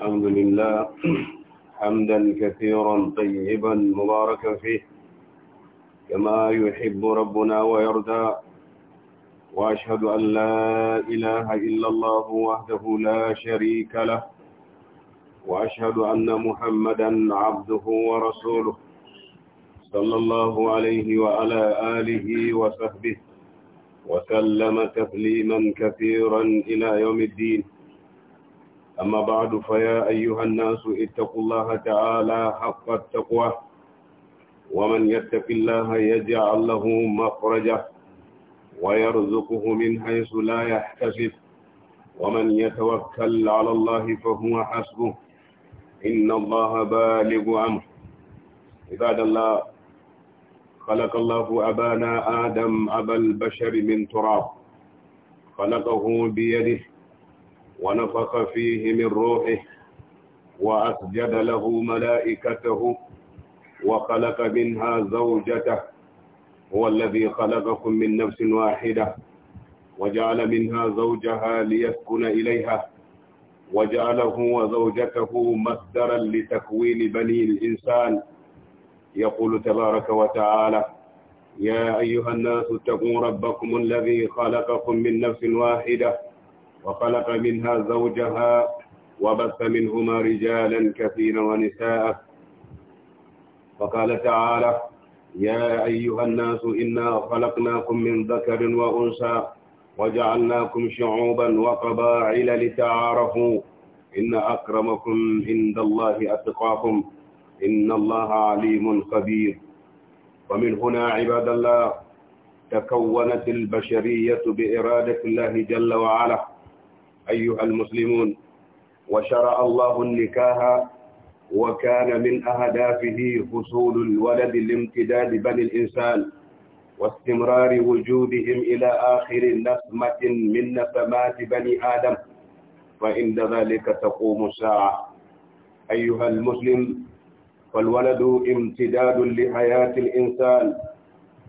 الحمد لله حمدا كثيرا طيبا مباركا فيه كما يحب ربنا ويرضى وأشهد أن لا إله إلا الله وحده لا شريك له وأشهد أن محمدا عبده ورسوله صلى الله عليه وعلى آله وصحبه وسلم تسليما كثيرا إلى يوم الدين أما بعد فيا أيها الناس اتقوا الله تعالى حق التقوى ومن يتق الله يجعل له مخرجا ويرزقه من حيث لا يحتسب ومن يتوكل على الله فهو حسبه إن الله بالغ أمر عباد الله خلق الله أبانا آدم أبا البشر من تراب خلقه بيده ونفخ فيه من روحه وأسجد له ملائكته وخلق منها زوجته هو الذي خلقكم من نفس واحدة وجعل منها زوجها ليسكن إليها وجعله وزوجته مصدرا لتكوين بني الإنسان يقول تبارك وتعالى يا أيها الناس اتقوا ربكم الذي خلقكم من نفس واحدة وخلق منها زوجها وبث منهما رجالا كثيرا ونساء وقال تعالى يا أيها الناس إنا خلقناكم من ذكر وأنثى وجعلناكم شعوبا وقبائل لتعارفوا إن أكرمكم عند الله أتقاكم إن الله عليم خبير ومن هنا عباد الله تكونت البشرية بإرادة الله جل وعلا أيها المسلمون وشرع الله النكاح وكان من أهدافه حصول الولد لامتداد بني الإنسان واستمرار وجودهم إلى آخر نسمة من نسمات بني آدم فإن ذلك تقوم الساعة أيها المسلم فالولد امتداد لحياة الإنسان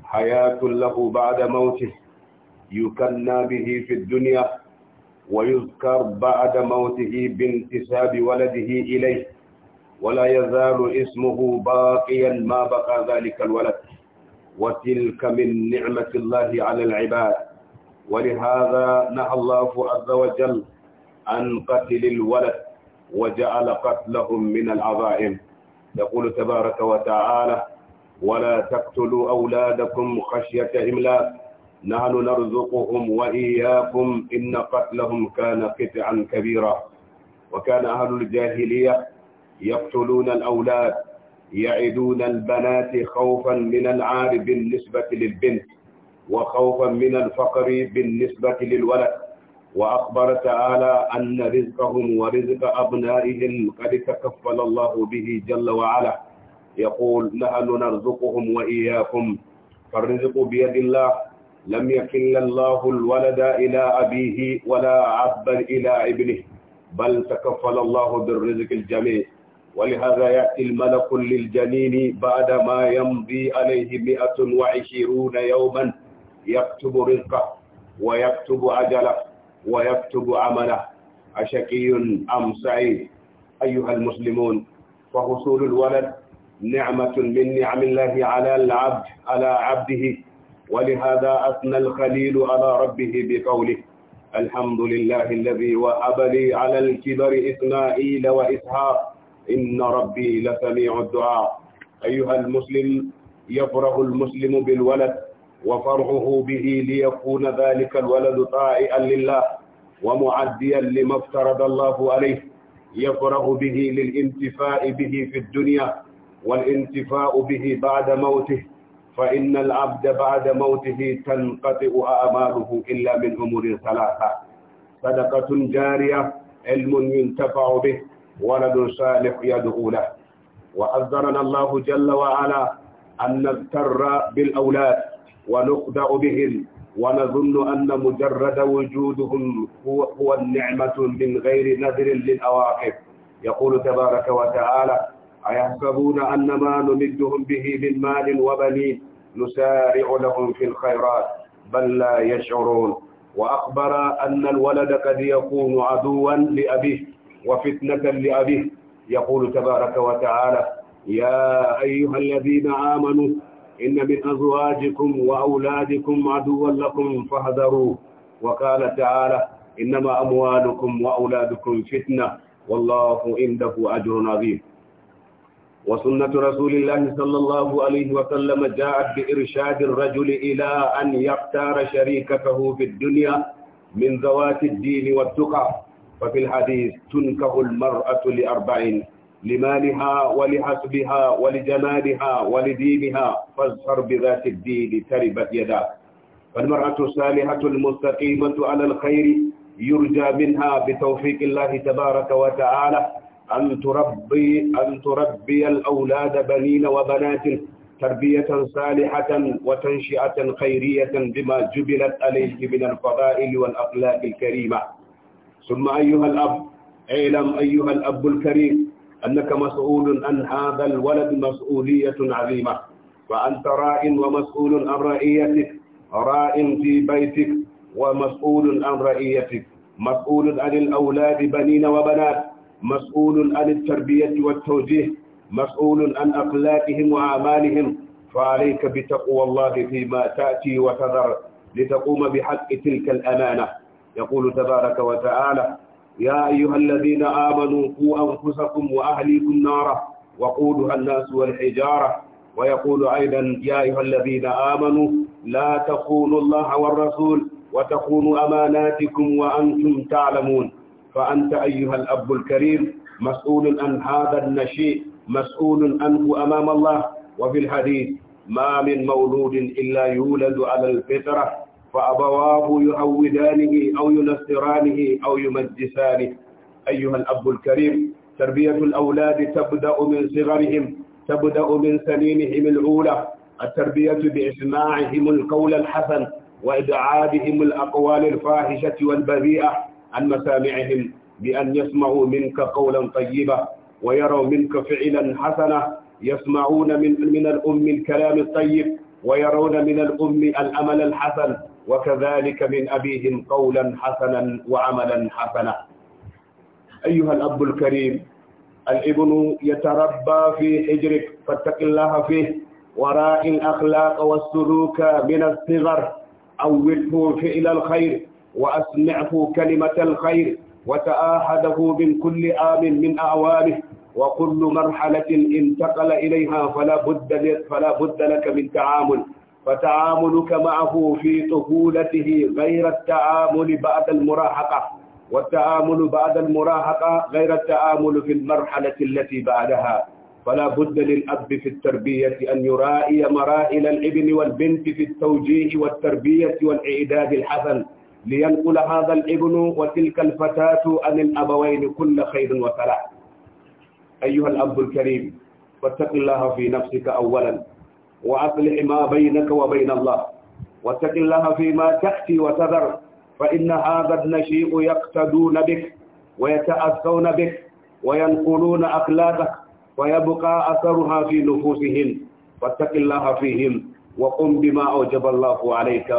حياة له بعد موته يكنى به في الدنيا ويذكر بعد موته بانتساب ولده إليه ولا يزال اسمه باقيا ما بقى ذلك الولد وتلك من نعمة الله على العباد ولهذا نهى الله عز وجل عن قتل الولد وجعل قتلهم من العظائم يقول تبارك وتعالى ولا تقتلوا أولادكم خشية إملاك نحن نرزقهم وإياكم إن قتلهم كان قطعا كبيرا وكان أهل الجاهلية يقتلون الأولاد يعدون البنات خوفا من العار بالنسبة للبنت وخوفا من الفقر بالنسبة للولد وأخبر تعالى أن رزقهم ورزق أبنائهم قد تكفل الله به جل وعلا يقول نحن نرزقهم وإياكم فالرزق بيد الله لم يكل الله الولد إلى أبيه ولا عبا إلى ابنه بل تكفل الله بالرزق الجميع ولهذا يأتي الملك للجنين بعد ما يمضي عليه مئة وعشرون يوما يكتب رزقه ويكتب أجله ويكتب عمله أشقي أم سعيد أيها المسلمون فحصول الولد نعمة من نعم الله على العبد على عبده ولهذا أثنى الخليل على ربه بقوله الحمد لله الذي وهب لي على الكبر إسماعيل وإسحاق إن ربي لسميع الدعاء أيها المسلم يفرح المسلم بالولد وفرحه به ليكون ذلك الولد طائعا لله ومعديا لما افترض الله عليه يفرح به للانتفاء به في الدنيا والانتفاء به بعد موته فإن العبد بعد موته تنقطع أعماله إلا من أمور ثلاثة صدقة جارية علم ينتفع به ولد صالح يدعو له وأذرنا الله جل وعلا أن نغتر بالأولاد ونخدع بهم ونظن أن مجرد وجودهم هو, هو النعمة من غير نذر للأواقف يقول تبارك وتعالى أيحسبون أن ما نمدهم به من مال وبنين نسارع لهم في الخيرات بل لا يشعرون وأخبر أن الولد قد يكون عدوا لأبيه وفتنة لأبيه يقول تبارك وتعالى يا أيها الذين آمنوا إن من أزواجكم وأولادكم عدوا لكم فاهذروه وقال تعالى إنما أموالكم وأولادكم فتنة والله عنده أجر عظيم وسنة رسول الله صلى الله عليه وسلم جاءت بإرشاد الرجل إلى أن يختار شريكته في الدنيا من ذوات الدين والتقى ففي الحديث تنكه المرأة لأربعين لمالها ولحسبها ولجمالها ولدينها فاظهر بذات الدين تربت يداك فالمرأة الصالحة المستقيمة على الخير يرجى منها بتوفيق الله تبارك وتعالى أن تربي أن تربي الأولاد بنين وبنات تربية صالحة وتنشئة خيرية بما جبلت عليه من الفضائل والأخلاق الكريمة ثم أيها الأب اعلم أيها الأب الكريم أنك مسؤول عن هذا الولد مسؤولية عظيمة وأنت راء ومسؤول عن رعيتك راء في بيتك ومسؤول عن رعيتك مسؤول عن الأولاد بنين وبنات مسؤول عن التربية والتوجيه مسؤول عن أخلاقهم وأعمالهم فعليك بتقوى الله فيما تأتي وتذر لتقوم بحق تلك الأمانة يقول تبارك وتعالى يا أيها الذين آمنوا قوا أنفسكم وأهليكم نارا وقودها الناس والحجارة ويقول أيضا يا أيها الذين آمنوا لا تخونوا الله والرسول وتخونوا أماناتكم وأنتم تعلمون فأنت أيها الأب الكريم مسؤول عن هذا النشيء مسؤول عنه أمام الله وفي الحديث ما من مولود إلا يولد على الفطرة فأبواه يعودانه أو ينصرانه أو يمجسانه أيها الأب الكريم تربية الأولاد تبدأ من صغرهم تبدأ من سنينهم الأولى التربية بإسماعهم القول الحسن وإبعادهم الأقوال الفاحشة والبذيئة عن مسامعهم بأن يسمعوا منك قولا طيبا ويروا منك فعلا حسنا يسمعون من من الأم الكلام الطيب ويرون من الأم الأمل الحسن وكذلك من أبيهم قولا حسنا وعملا حسنا أيها الأب الكريم الابن يتربى في حجرك فاتق الله فيه وراء الأخلاق والسلوك من الصغر عوده فعل الخير وأسمعه كلمة الخير وتآحده من كل عام من أعوامه وكل مرحلة انتقل إليها فلا بد فلا بد لك من تعامل فتعاملك معه في طفولته غير التعامل بعد المراهقة والتعامل بعد المراهقة غير التعامل في المرحلة التي بعدها فلا بد للأب في التربية أن يرائي مراحل الابن والبنت في التوجيه والتربية والإعداد الحسن لينقل هذا الابن وتلك الفتاة عن الأبوين كل خير وصلاح أيها الأب الكريم واتق الله في نفسك أولا وأصلح ما بينك وبين الله واتق الله فيما تأتي وتذر فإن هذا النشيء يقتدون بك ويتأثون بك وينقلون أخلاقك ويبقى أثرها في نفوسهم واتق الله فيهم وقم بما أوجب الله عليك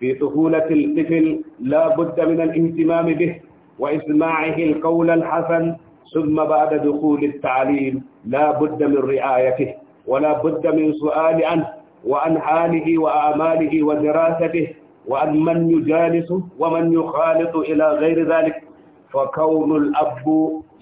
في طفولة الطفل لا بد من الاهتمام به وإسماعه القول الحسن ثم بعد دخول التعليم لا بد من رعايته ولا بد من سؤال عنه وعن حاله وأعماله ودراسته وعن من يجالسه ومن يخالط إلى غير ذلك فكون الأب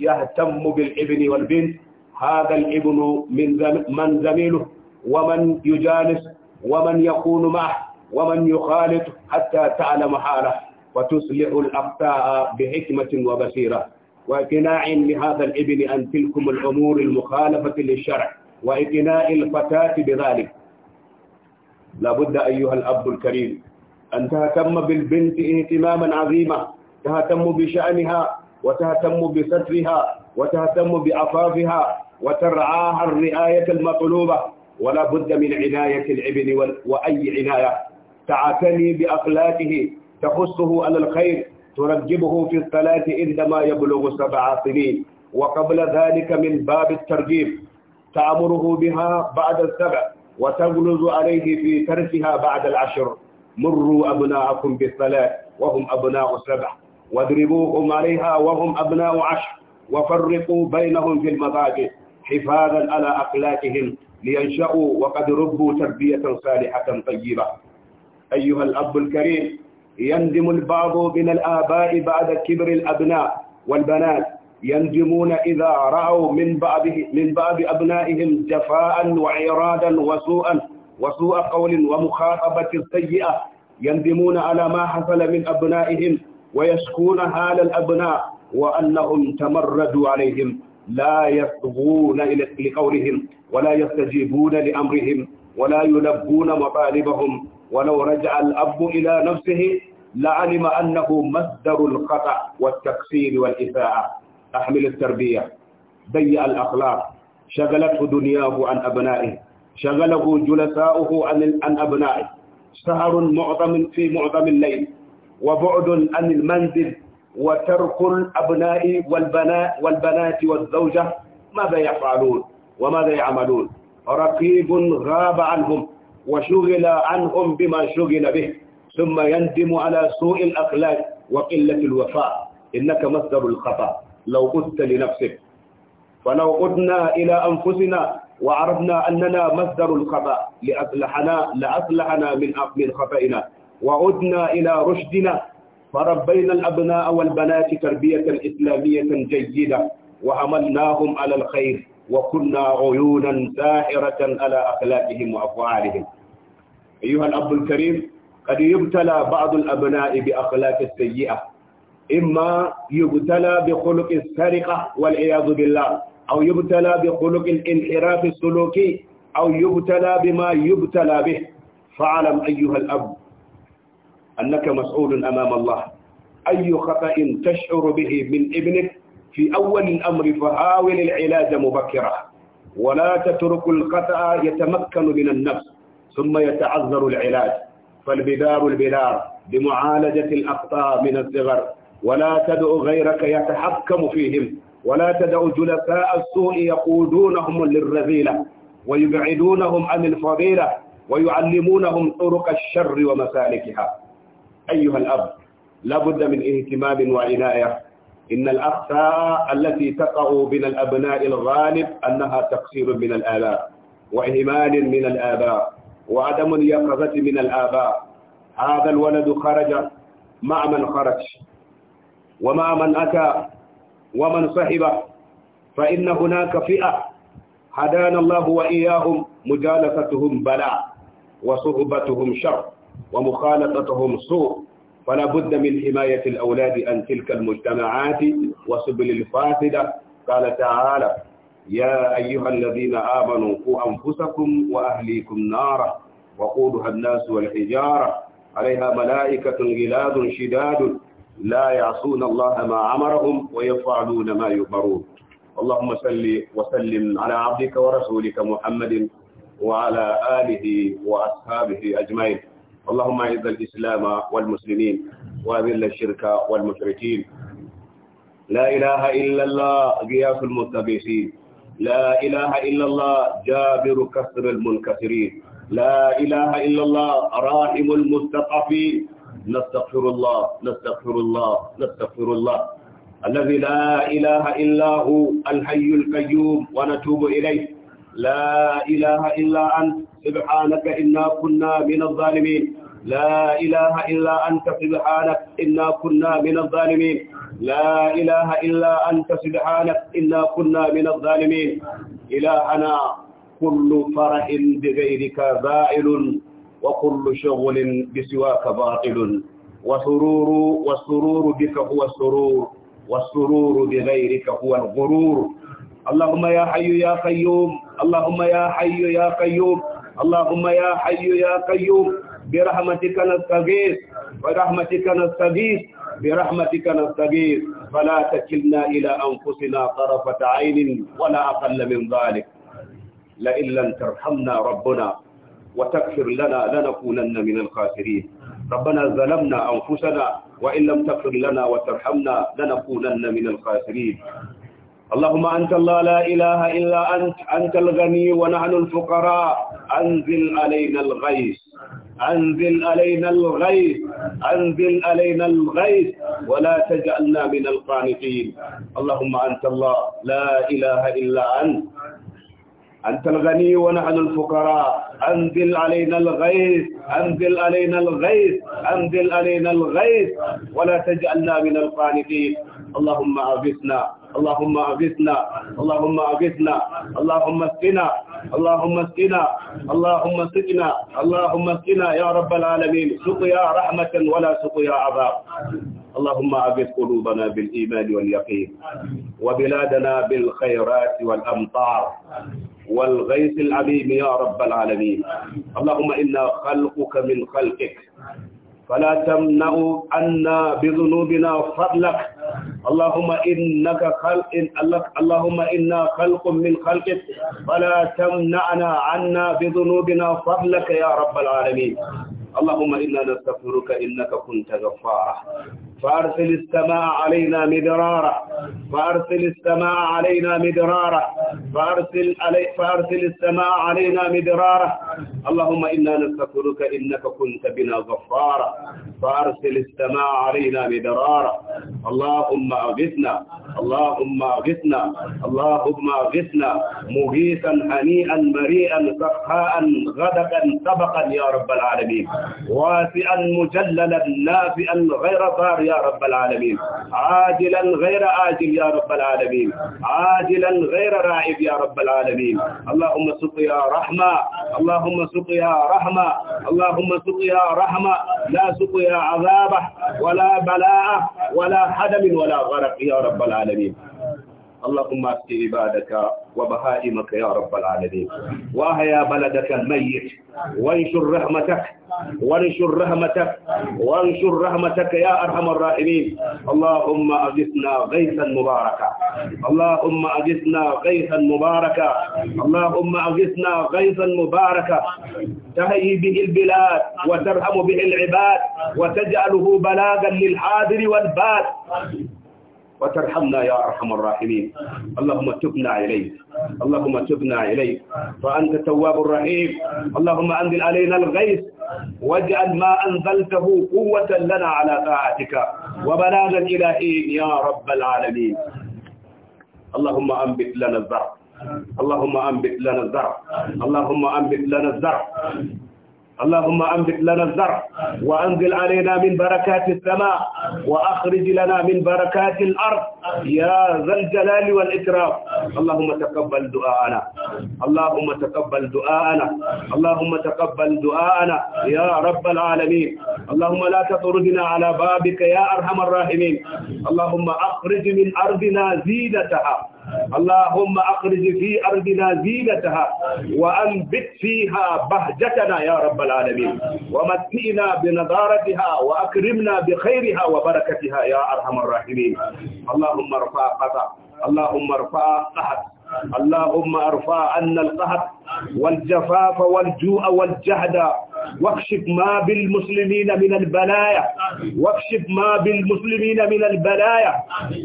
يهتم بالابن والبنت هذا الابن من من زميله ومن يجالس ومن يكون معه ومن يخالط حتى تعلم حاله وتصلح الأخطاء بحكمة وبصيرة واقناع لهذا الابن أن تلكم الأمور المخالفة للشرع وإقناع الفتاة بذلك لابد أيها الأب الكريم أن تهتم بالبنت اهتماما عظيما تهتم بشأنها وتهتم بسترها وتهتم بأطافها وترعاها الرعاية المطلوبة ولا بد من عناية الابن وأي عناية تعتني بأخلاقه تحثه على الخير ترجبه في الصلاة عندما يبلغ سبع سنين وقبل ذلك من باب الترجيب تأمره بها بعد السبع وتغلظ عليه في تركها بعد العشر مروا أبناءكم بالصلاة وهم أبناء سبع واضربوهم عليها وهم أبناء عشر وفرقوا بينهم في المضاجع حفاظا على أخلاقهم لينشأوا وقد ربوا تربية صالحة طيبة أيها الأب الكريم يندم البعض من الآباء بعد كبر الأبناء والبنات يندمون إذا رأوا من بعض من بعض أبنائهم جفاء وعرادا وسوءا وسوء قول ومخاطبة سيئة يندمون على ما حصل من أبنائهم ويشكون حال الأبناء وأنهم تمردوا عليهم لا يصغون لقولهم ولا يستجيبون لأمرهم ولا يلبون مطالبهم ولو رجع الأب إلى نفسه لعلم أنه مصدر الخطأ والتقصير والإساءة أحمل التربية ضيع الأخلاق شغلته دنياه عن أبنائه شغله جلساؤه عن أبنائه سهر معظم في معظم الليل وبعد عن المنزل وترك الأبناء والبناء والبنات والزوجة ماذا يفعلون وماذا يعملون رقيب غاب عنهم وشغل عنهم بما شغل به ثم يندم على سوء الأخلاق وقلة الوفاء إنك مصدر الخطأ لو قلت لنفسك فلو قدنا إلى أنفسنا وعرفنا أننا مصدر الخطأ لأصلحنا لأصلحنا من من خطئنا وعدنا إلى رشدنا فربينا الأبناء والبنات تربية إسلامية جيدة وعملناهم على الخير وكنا عيونا ساحرة على أخلاقهم وأفعالهم أيها الأب الكريم قد يبتلى بعض الأبناء بأخلاق السيئة إما يبتلى بخلق السرقة والعياذ بالله أو يبتلى بخلق الانحراف السلوكي أو يبتلى بما يبتلى به فاعلم أيها الأب أنك مسؤول أمام الله أي خطأ تشعر به من ابنك في أول الأمر فحاول العلاج مبكرا ولا تترك الخطأ يتمكن من النفس ثم يتعذر العلاج فالبدار البدار بمعالجة الأخطاء من الصغر ولا تدع غيرك يتحكم فيهم ولا تدع جلساء السوء يقودونهم للرذيلة ويبعدونهم عن الفضيلة ويعلمونهم طرق الشر ومسالكها أيها الأب لابد من اهتمام وعناية إن الأخطاء التي تقع بين الأبناء الغالب أنها تقصير من الآلاء وإهمال من الآباء وعدم اليقظة من الآباء هذا الولد خرج مع من خرج ومع من أتى ومن صحبه فإن هناك فئة هدانا الله وإياهم مجالستهم بلاء وصحبتهم شر ومخالطتهم سوء فلا بد من حماية الأولاد عن تلك المجتمعات وسبل الفاسدة قال تعالى يا أيها الذين آمنوا قوا أنفسكم وأهليكم نارا وقودها الناس والحجارة عليها ملائكة غلاد شداد لا يعصون الله ما أمرهم ويفعلون ما يؤمرون اللهم صل وسلم على عبدك ورسولك محمد وعلى آله وأصحابه أجمعين اللهم أعز الإسلام والمسلمين وأذل الشرك والمشركين لا إله إلا الله غياث المتبسين لا إله إلا الله جابر كسر المنكسرين لا إله إلا الله راحم المستضعفين نستغفر الله نستغفر الله نستغفر الله الذي لا إله إلا هو الحي القيوم ونتوب إليه لا إله إلا أنت سبحانك إنا كنا من الظالمين لا إله إلا أنت سبحانك إنا كنا من الظالمين لا إله إلا أنت سبحانك إنا كنا من الظالمين إلهنا كل فرح بغيرك بائل وكل شغل بسواك باطل وسرور والسرور بك هو السرور والسرور بغيرك هو الغرور اللهم يا حي يا قيوم اللهم يا حي يا قيوم اللهم يا حي يا قيوم برحمتك نستغيث برحمتك نستغيث برحمتك نستغيث فلا تكلنا إلى أنفسنا طرفة عين ولا أقل من ذلك لئن لم ترحمنا ربنا وتغفر لنا لنكونن من الخاسرين ربنا ظلمنا أنفسنا وإن لم تغفر لنا وترحمنا لنكونن من الخاسرين اللهم أنت الله لا إله إلا أنت أنت الغني ونحن الفقراء أنزل علينا الغيث أنزل علينا الغيث أنزل علينا الغيث ولا تجعلنا من القانطين اللهم أنت الله لا إله إلا أنت أنت الغني ونحن الفقراء أنزل علينا الغيث أنزل علينا الغيث أنزل علينا الغيث ولا تجعلنا من القانطين اللهم أغثنا اللهم أغثنا اللهم أغثنا اللهم اسقنا اللهم اسقنا اللهم اسقنا اللهم اسقنا يا رب العالمين سقيا رحمة ولا سقيا عذاب اللهم أغث قلوبنا بالإيمان واليقين وبلادنا بالخيرات والأمطار والغيث العليم يا رب العالمين اللهم إنا خلقك من خلقك فلا تمنعوا عنا بذنوبنا فضلك اللهم إنك خلق إن اللهم إنا خلق من خلقك فلا تمنعنا عنا بذنوبنا فضلك يا رب العالمين اللهم إنا نستغفرك إنك كنت غفارا فأرسل السماء علينا مدرارا فأرسل السماء علينا مدرارا فأرسل, علي فأرسل السماء علينا مدرارا اللهم إنا نستغفرك إنك كنت بنا غفارا فأرسل السماء علينا مدرارا اللهم أغثنا اللهم أغثنا اللهم أغثنا مغيثا هنيئا مريئا سخاء غدقا طبقا يا رب العالمين واسعا مجللا نافئا غير ضار يا رب العالمين عاجلا غير آجل يا رب العالمين عاجلا غير رائب يا رب العالمين اللهم سقيا رحمة اللهم سقيا رحمة اللهم سقيا رحمة لا سقيا عذابه ولا بلاءه ولا حدم ولا غرق يا رب العالمين اللهم اسق عبادك وبهائمك يا رب العالمين واحيا بلدك الميت وانشر رحمتك وانشر رحمتك وانشر رحمتك يا ارحم الراحمين اللهم اغثنا غيثا مباركا اللهم اغثنا غيثا مباركا اللهم اغثنا غيثا مباركا تهيئ به البلاد وترحم به العباد وتجعله بلاغا للحاضر والباد وترحمنا يا أرحم الراحمين اللهم تبنا إليك اللهم تبنا إليك فأنت التواب الرحيم اللهم أنزل علينا الغيث واجعل ما أنزلته قوة لنا على طاعتك وبلاغا إلى حين يا رب العالمين اللهم أنبت لنا الزرع اللهم أنبت لنا الزرع اللهم أنبت لنا الزرع اللهم أنبت لنا الزرع وأنزل علينا من بركات السماء وأخرج لنا من بركات الأرض يا ذا الجلال والإكرام اللهم تقبل دعاءنا اللهم تقبل دعاءنا اللهم تقبل دعاءنا يا رب العالمين اللهم لا تطردنا على بابك يا أرحم الراحمين اللهم أخرج من أرضنا زينتها اللهم أخرج في أرضنا زينتها وأنبت فيها بهجتنا يا رب العالمين ومتئنا بنضارتها وأكرمنا بخيرها وبركتها يا أرحم الراحمين اللهم ارفع قطع اللهم ارفع قهر اللهم ارفع عنا القهر والجفاف والجوع والجهد واكشف ما بالمسلمين من البلايا واكشف ما بالمسلمين من البلايا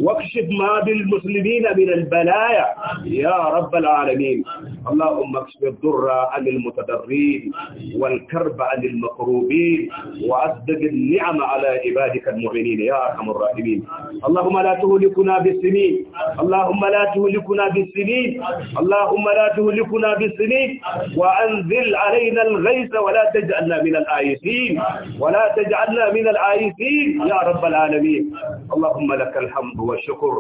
واكشف ما بالمسلمين من البلايا يا رب العالمين اللهم اكشف الضر عن المتضرين والكرب عن المقروبين وأسدد النعم على عبادك المؤمنين يا أرحم الراحمين اللهم لا تهلكنا بالسنين اللهم لا تهلكنا بالسنين اللهم لا تهلكنا بالسنين وأنزل علينا الغيث ولا تجعلنا تجعلنا من العائسين ولا تجعلنا من العائسين يا رب العالمين اللهم لك الحمد والشكر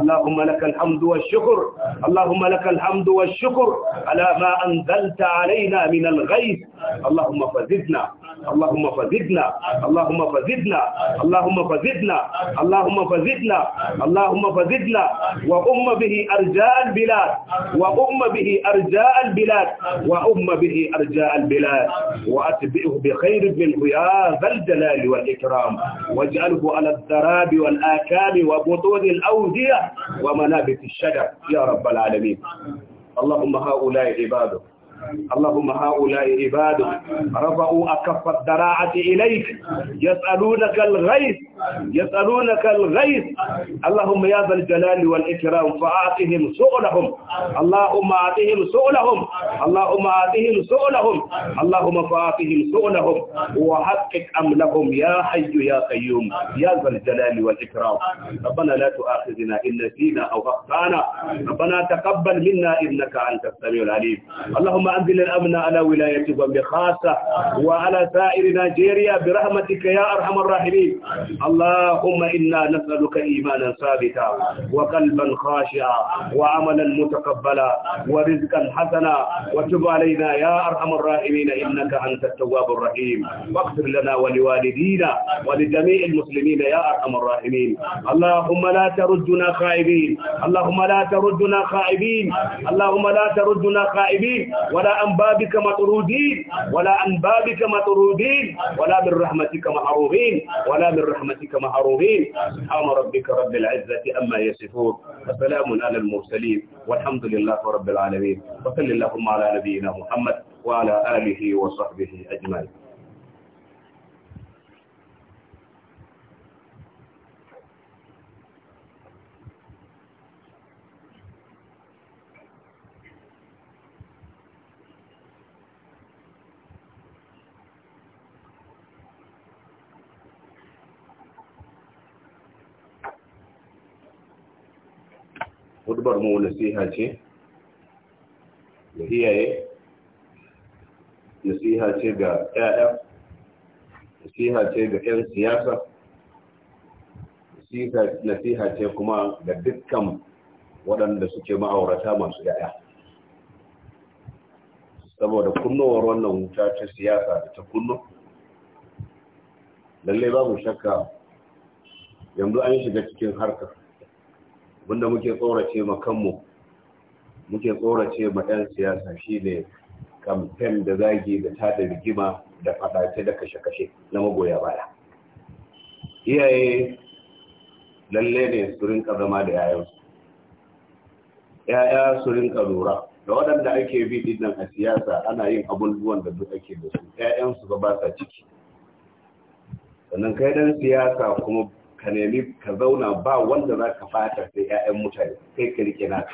اللهم لك الحمد والشكر اللهم لك الحمد والشكر على ما أنزلت علينا من الغيث اللهم فزدنا اللهم فزدنا اللهم فزدنا اللهم فزدنا اللهم فزدنا اللهم فزدنا وأم به أرجاء البلاد وأم به أرجاء البلاد وأم به أرجاء البلاد وأتبئه بخير من يا ذا الجلال والإكرام واجعله على الذراب والآكام وبطون الأودية ومنابت الشجر يا رب العالمين اللهم هؤلاء عبادك اللهم هؤلاء عبادك رفعوا أكف الدراعة إليك يسألونك الغيث يسألونك الغيث اللهم يا ذا الجلال والإكرام فأعطهم سؤلهم اللهم أعطهم سؤلهم اللهم أعطهم سؤلهم اللهم فأعطهم سؤلهم وحقق أملهم يا حي يا قيوم يا ذا الجلال والإكرام ربنا لا تؤاخذنا إن نسينا أو أخطأنا ربنا تقبل منا إنك أنت السميع العليم اللهم وأنزل الأمن على ولاية بامبي خاصة وعلى سائر نيجيريا برحمتك يا أرحم الراحمين اللهم إنا نسألك إيمانا ثابتا وقلبا خاشعا وعملا متقبلا ورزقا حسنا وتب علينا يا أرحم الراحمين إنك أنت التواب الرحيم واغفر لنا ولوالدينا ولجميع المسلمين يا أرحم الراحمين اللهم لا تردنا خائبين اللهم لا تردنا خائبين اللهم لا تردنا خائبين ولا عن بابك مطرودين ولا عن بابك مطرودين ولا من رحمتك محروبين ولا من رحمتك محروبين سبحان ربك رب العزة أما يصفون وسلام على المرسلين والحمد لله رب العالمين وصل اللهم على نبينا محمد وعلى آله وصحبه أجمعين hudubar mu nasiha ce ga iyaye nasiha ce ga 'ya'ya nasiha ce ga 'yan siyasa nasiha ce kuma ga dukkan waɗanda suke ma'aurata masu 'ya'ya saboda kunnuwar wannan wuta ta siyasa da ta kunno lallai babu shakka yanzu an shiga cikin harkar wanda muke tsorace ma kanmu muke tsorace ma 'yan siyasa shine kamfen da zagi da tada rigima da fadace da kashe-kashe na magoya baya iyaye lalle ne su rinka zama da yayansu yaya su rinka lura da waɗanda ake bi dinnan a siyasa ana yin abubuwan da duk ake da su yayansu ba ba sa ciki sannan kai dan siyasa kuma ka nemi ka zauna ba wanda za ka fata sai 'ya'yan mutane kai ka rike naka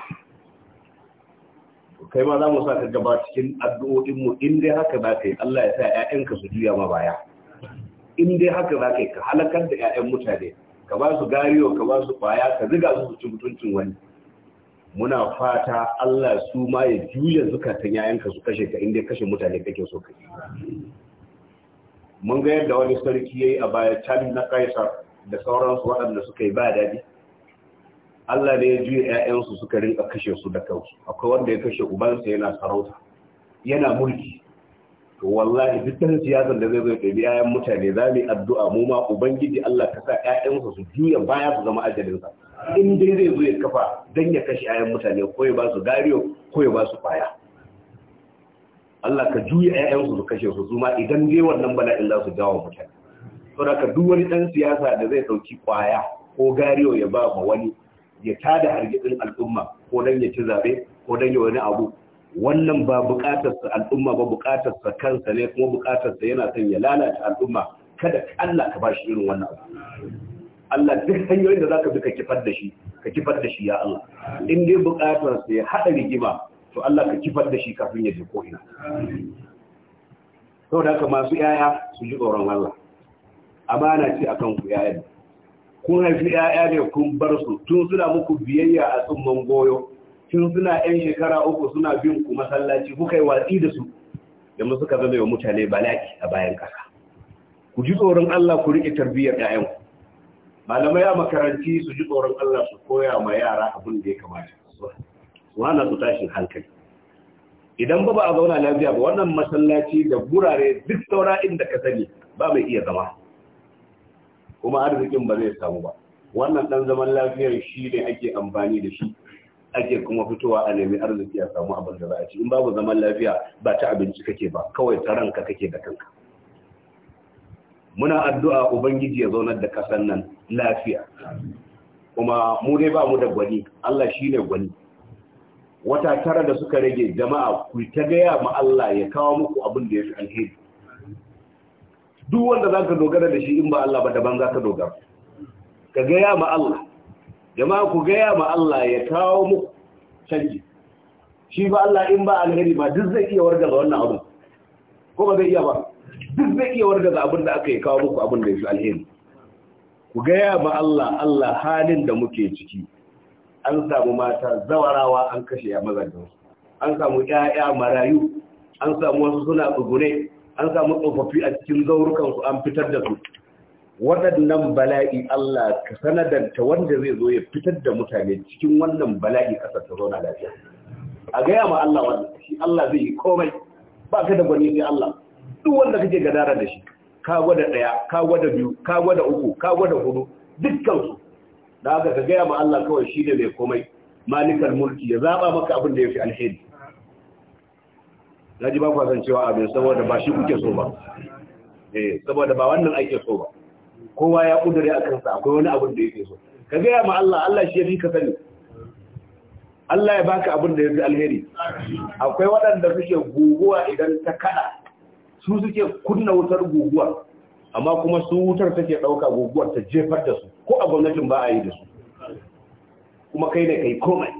kai ma za mu sa ka gaba cikin addu'o'inmu in dai haka za ka yi Allah ya sa 'ya'yanka su juya ma baya in dai haka za ka yi ka halakar da 'ya'yan mutane ka ba su gariyo ka ba su kwaya ka ziga su su ci mutuncin wani muna fata Allah su ma ya juya zukatan 'ya'yanka su kashe ka in dai kashe mutane kake so ka yi mun ga yadda wani sarki ya yi a baya Charles na Kaisar da sauransu waɗanda suka yi ba daɗi Allah ne ya juya ‘ya'yansu suka rinka kashe su da kansu akwai wanda ya kashe ubansa yana sarauta yana mulki to wallahi duk dan siyasar da zai zai ɗabi ‘ya'yan mutane za mu yi addu'a mu ma ubangiji Allah ka sa ‘ya'yansa su juya baya su zama ajalinsa in dai zai zo ya kafa don ya kashe ‘ya'yan mutane ko ya ba su gariyo ko ya ba su kwaya Allah ka juya ‘ya'yansu su kashe su su idan dai wannan bala'in za su jawo mutane saboda duk wani ɗan siyasa da zai ɗauki kwaya ko gariyo ya ba ma wani ya tada hargitsin al'umma ko dan ya ci zabe ko dan ya wani abu wannan ba buƙatar sa al'umma ba buƙatar sa kansa ne kuma buƙatar sa yana son ya lalata al'umma kada Allah ka bashi irin wannan abu Allah duk hanyoyin da zaka bi ka kifar da shi ka kifar da shi ya Allah in dai buƙatar sa ya hada rigima to Allah ka kifar da shi kafin ya je ko ina saboda haka masu yaya su ji tsoron Allah amana ce akan ku yayan kun haifi yaya ne kun bar su tun suna muku biyayya a tsumman goyo tun suna yan shekara uku suna bin ku masallaci kuka yi watsi da su da suka zama yau mutane bala'i a bayan kasa ku ji tsoron Allah ku rike tarbiyyar ƴaƴanku malamai a makaranti su ji tsoron Allah su koya ma yara abin da ya kamata su hana su tashin hankali idan ba ba a zauna lafiya ba wannan masallaci da gurare duk saura inda ka sani ba mai iya zama kuma arzikin ba zai samu ba wannan dan zaman lafiyar shi ne ake amfani da shi ake kuma fitowa a nemi arziki a samu abin da za a ci in babu zaman lafiya ba ta abinci kake ba kawai ta ranka kake da kanka muna addu'a ubangiji ya zaunar da kasan nan lafiya kuma mu dai ba mu da gwani Allah shi ne gwani wata tara da suka rage jama'a ku ta gaya ma Allah ya kawo muku abin da ya fi alheri duk wanda za ka dogara da shi in ba Allah ba daban za ka dogara ka gaya ma Allah jama'a ku gaya ma Allah ya kawo mu canji shi ba Allah in ba alheri ba duk zai iya warga ga wannan abu ko ba zai iya ba duk zai iya warga ga abin da aka yi kawo muku abin da ya fi alheri ku gaya ma Allah Allah halin da muke ciki an samu mata zawarawa an kashe ya mazajensu an samu ƴaƴa marayu an samu wasu suna tsugune an samu tsofaffi a cikin zaurukansu an fitar da su waɗannan bala'i Allah ka sanadanta wanda zai zo ya fitar da mutane cikin wannan bala'i ƙasa ta zauna lafiya a gaya ma Allah wannan shi Allah zai yi komai ba ka da gwani sai Allah duk wanda kake gadara da shi ka gwada ɗaya ka gwada biyu ka gwada uku ka gwada hudu dukkan su da haka ka gaya ma Allah kawai shi ne mai komai malikal mulki ya zaba maka abin da ya fi alheri na ji ba kwasan san cewa abin saboda ba shi kuke so ba eh saboda ba wannan ake so ba kowa ya kudure a kansa akwai wani abin da yake so ka gaya ma Allah Allah shi ya fi ka sani Allah ya baka abin da ya fi alheri akwai waɗanda suke guguwa idan ta kada su suke kunna wutar guguwa amma kuma su wutar take ɗauka guguwar ta jefar da su ko a gwamnatin ba a yi da su kuma kai ne kai komai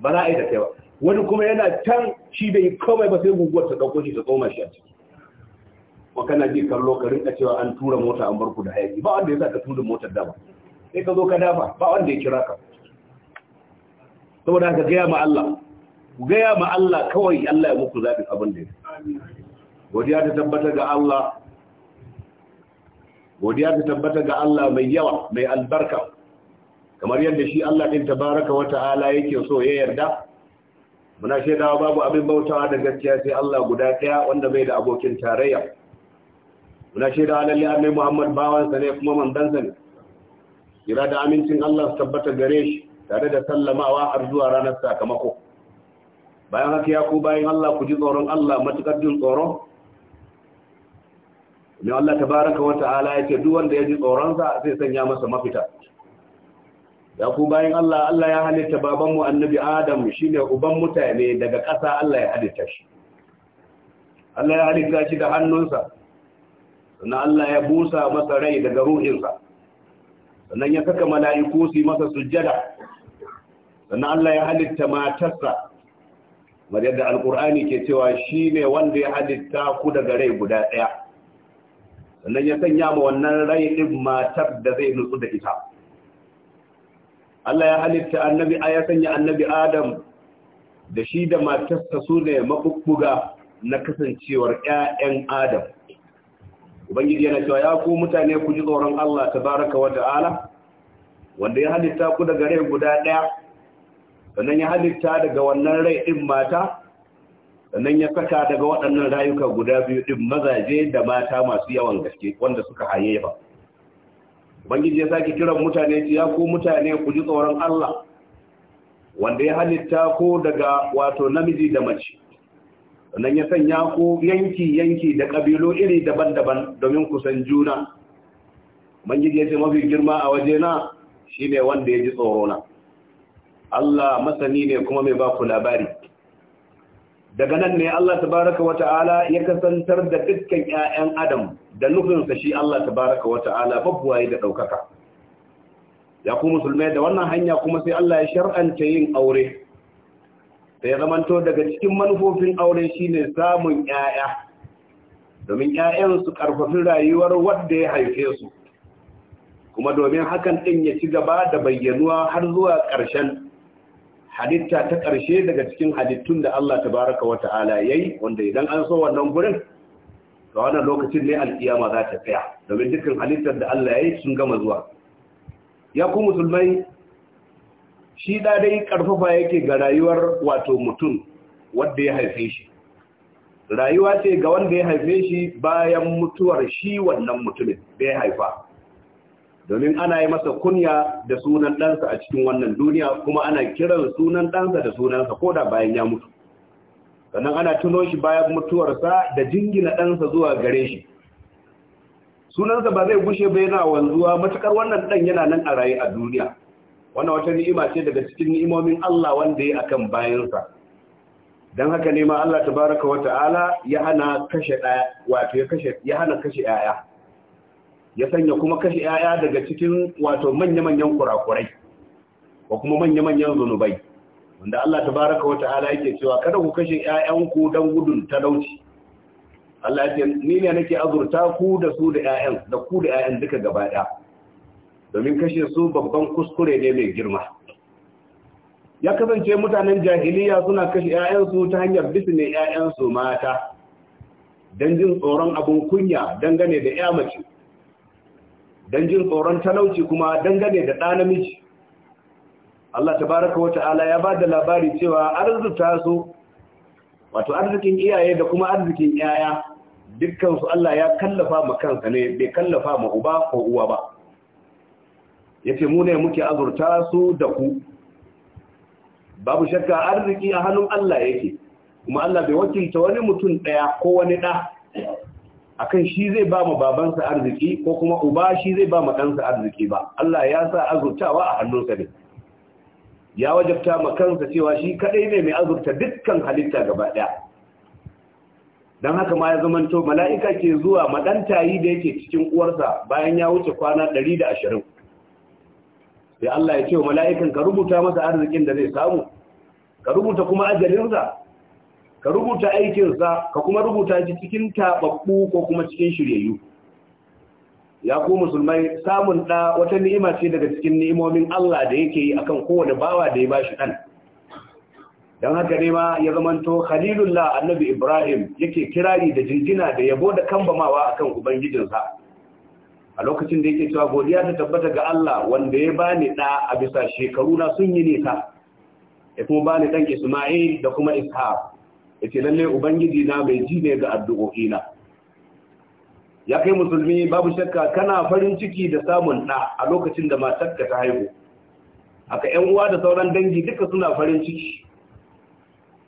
ba za a yi da kai ba wani kuma yana can shi bai komai ba sai guguwar ta dauko shi ta koma shi a ciki ba kana ji kallo ka rinka cewa an tura mota an barku da hayaki ba wanda ya sa ka tura motar dama sai ka zo ka dafa ba wanda ya kira ka saboda haka gaya ma Allah ku gaya ma Allah kawai Allah ya muku zaɓi abin da ya godiya ta tabbata ga Allah godiya ta tabbata ga Allah mai yawa mai albarka kamar yadda shi Allah din tabaraka wa ta'ala yake so ya yarda muna shaidawa babu abin bautawa da gaskiya sai Allah guda ɗaya wanda bai da abokin tarayya muna shaidawa lalle annabi Muhammad sa ne kuma sa ne kira da amincin Allah su tabbata gare shi tare da sallamawa har zuwa ranar sakamako bayan haka ya ku bayan Allah ku ji tsoron Allah matukar jin tsoro ne Allah tabaraka wa ta'ala ya ce duk wanda ya ji tsoron sa zai sanya masa mafita ya ku bayan Allah Allah ya halitta babanmu annabi Adam shine uban mutane daga ƙasa Allah ya halitta shi Allah ya halitta shi da hannunsa sannan Allah ya busa masa rai daga ruhinsa sannan ya saka mala'iku su masa sujjada sannan Allah ya halitta matarsa wadda da alkur'ani ke cewa shine wanda ya halitta ku daga rai guda ɗaya sannan ya sanya ma wannan rai ɗin matar da zai nutsu da ita Allah ya halitta annabi ya sanya annabi Adam da shi da matarsa su ne mabubuga na kasancewar ƴaƴan Adam Ubangiji yana cewa ya ku mutane ku ji tsoron Allah tabaraka wa ta'ala wanda ya halitta ku daga rai guda ɗaya sannan ya halitta daga wannan rai ɗin mata sannan ya saka daga waɗannan rayuka guda biyu ɗin mazaje da mata masu yawan gaske wanda suka haye ba. bangiji ya sake kiran mutane ya ko mutane ku ji tsoron Allah wanda ya halitta ko daga wato namiji da mace nan ya sanya ko yanki yanki da kabilo iri daban-daban domin ku san juna bangiji ya ce mafi girma a waje wajena shine wanda ya ji tsoro na Allah masani ne kuma mai ba ku labari daga nan ne Allah tabaraka wa ta'ala ya kasantar da dukkan 'ya'yan adam da nufinsa shi Allah tabaraka wa ta'ala da ɗaukaka ya ku musulmai da wannan hanya kuma sai Allah ya shar'anta yin aure sai ya zamanto daga cikin manufofin aure shine samun 'ya'ya. domin ƴaƴan su karfafi rayuwar wanda ya haife su kuma domin hakan din ya ci gaba da bayyanuwa har zuwa ƙarshen halitta ta ƙarshe daga cikin halittun da Allah Ta baraka wa ta'ala yayi wanda idan an so wannan gurin ga wannan lokacin ne alkiyama za ta tsaya domin dukkan halittar da Allah yayi sun gama zuwa ya ku musulmai shi ɗadai dai karfafa yake ga rayuwar wato mutum wanda ya haife shi rayuwa ce ga wanda ya haife shi bayan mutuwar shi wannan mutumin da ya haifa domin ana yi masa kunya da sunan ɗansa a cikin wannan duniya kuma ana kiran sunan ɗansa da sunansa ko da bayan ya mutu sannan ana tuno shi bayan mutuwarsa da jingina ɗansa zuwa gare shi sunansa ba zai gushe ba yana wanzuwa matuƙar wannan ɗan yana nan a raye a duniya wannan wata ni'ima ce daga cikin ni'imomin Allah wanda ya akan bayansa don haka ne ma Allah tabaraka wa ta'ala ya hana kashe ɗaya wato ya ya hana kashe 'ya'ya ya sanya kuma kashe 'ya'ya daga cikin wato manya-manyan kurakurai ko kuma manya-manyan zunubai wanda Allah tabaraka wa ta'ala yake cewa kada ku kashe 'ya'yanku dan gudun talauci Allah ya ni ne nake azurta ku da su da 'ya'yan da ku da 'ya'yan duka gaba ɗaya domin kashe su babban kuskure ne mai girma ya kasance mutanen jahiliya suna kashe 'ya'yansu ta hanyar bisne 'ya'yansu mata don jin tsoron abin kunya dangane da 'ya mace don jin tsoron talauci kuma dangane da ɗa namiji Allah tabaraka wata ala ya ba da labari cewa arzuta su wato arzikin iyaye da kuma arzikin yaya dukkansu Allah ya kallafa ma kansa ne bai kallafa ma uba ko uwa ba yace mu ne muke azurta su da ku babu shakka arziki a hannun Allah yake kuma Allah bai wakilta wani mutum ɗaya ko wani ɗa. akan shi zai ba mu babansa arziki ko kuma uba shi zai ba mu ɗansa arziki ba Allah ya sa azurtawa a hannunsa ne ya wajabta ma kansa cewa shi kadai ne mai azurta dukkan halitta gaba daya don haka ma ya zamanto mala'ika ke zuwa maɗantayi da yake cikin uwarsa bayan ya wuce kwana 120 sai Allah ya ce wa mala'ikan ka rubuta masa arzikin da zai samu ka rubuta kuma ajalinsa ka rubuta aikinsa ka kuma rubuta shi cikin taɓaɓɓu ko kuma cikin shiryayyu ya ku musulmai samun ɗa wata ni'ima ce daga cikin ni'imomin Allah da yake yi akan kowane bawa da ya ba shi ɗan don haka ne ma ya zamanto khalilullah annabi ibrahim yake kirari da jinjina da yabo da kambamawa akan ubangijinsa a lokacin da yake cewa godiya ta tabbata ga Allah wanda ya bani da a bisa shekaru na sun yi nisa ya kuma bani dan isma'il da kuma ishaq yace lalle ubangiji na mai ji ne ga addu'o'ina ya kai musulmi babu shakka kana farin ciki da samun ɗa a lokacin da matar ka ta haihu aka 'yan uwa da sauran dangi duka suna farin ciki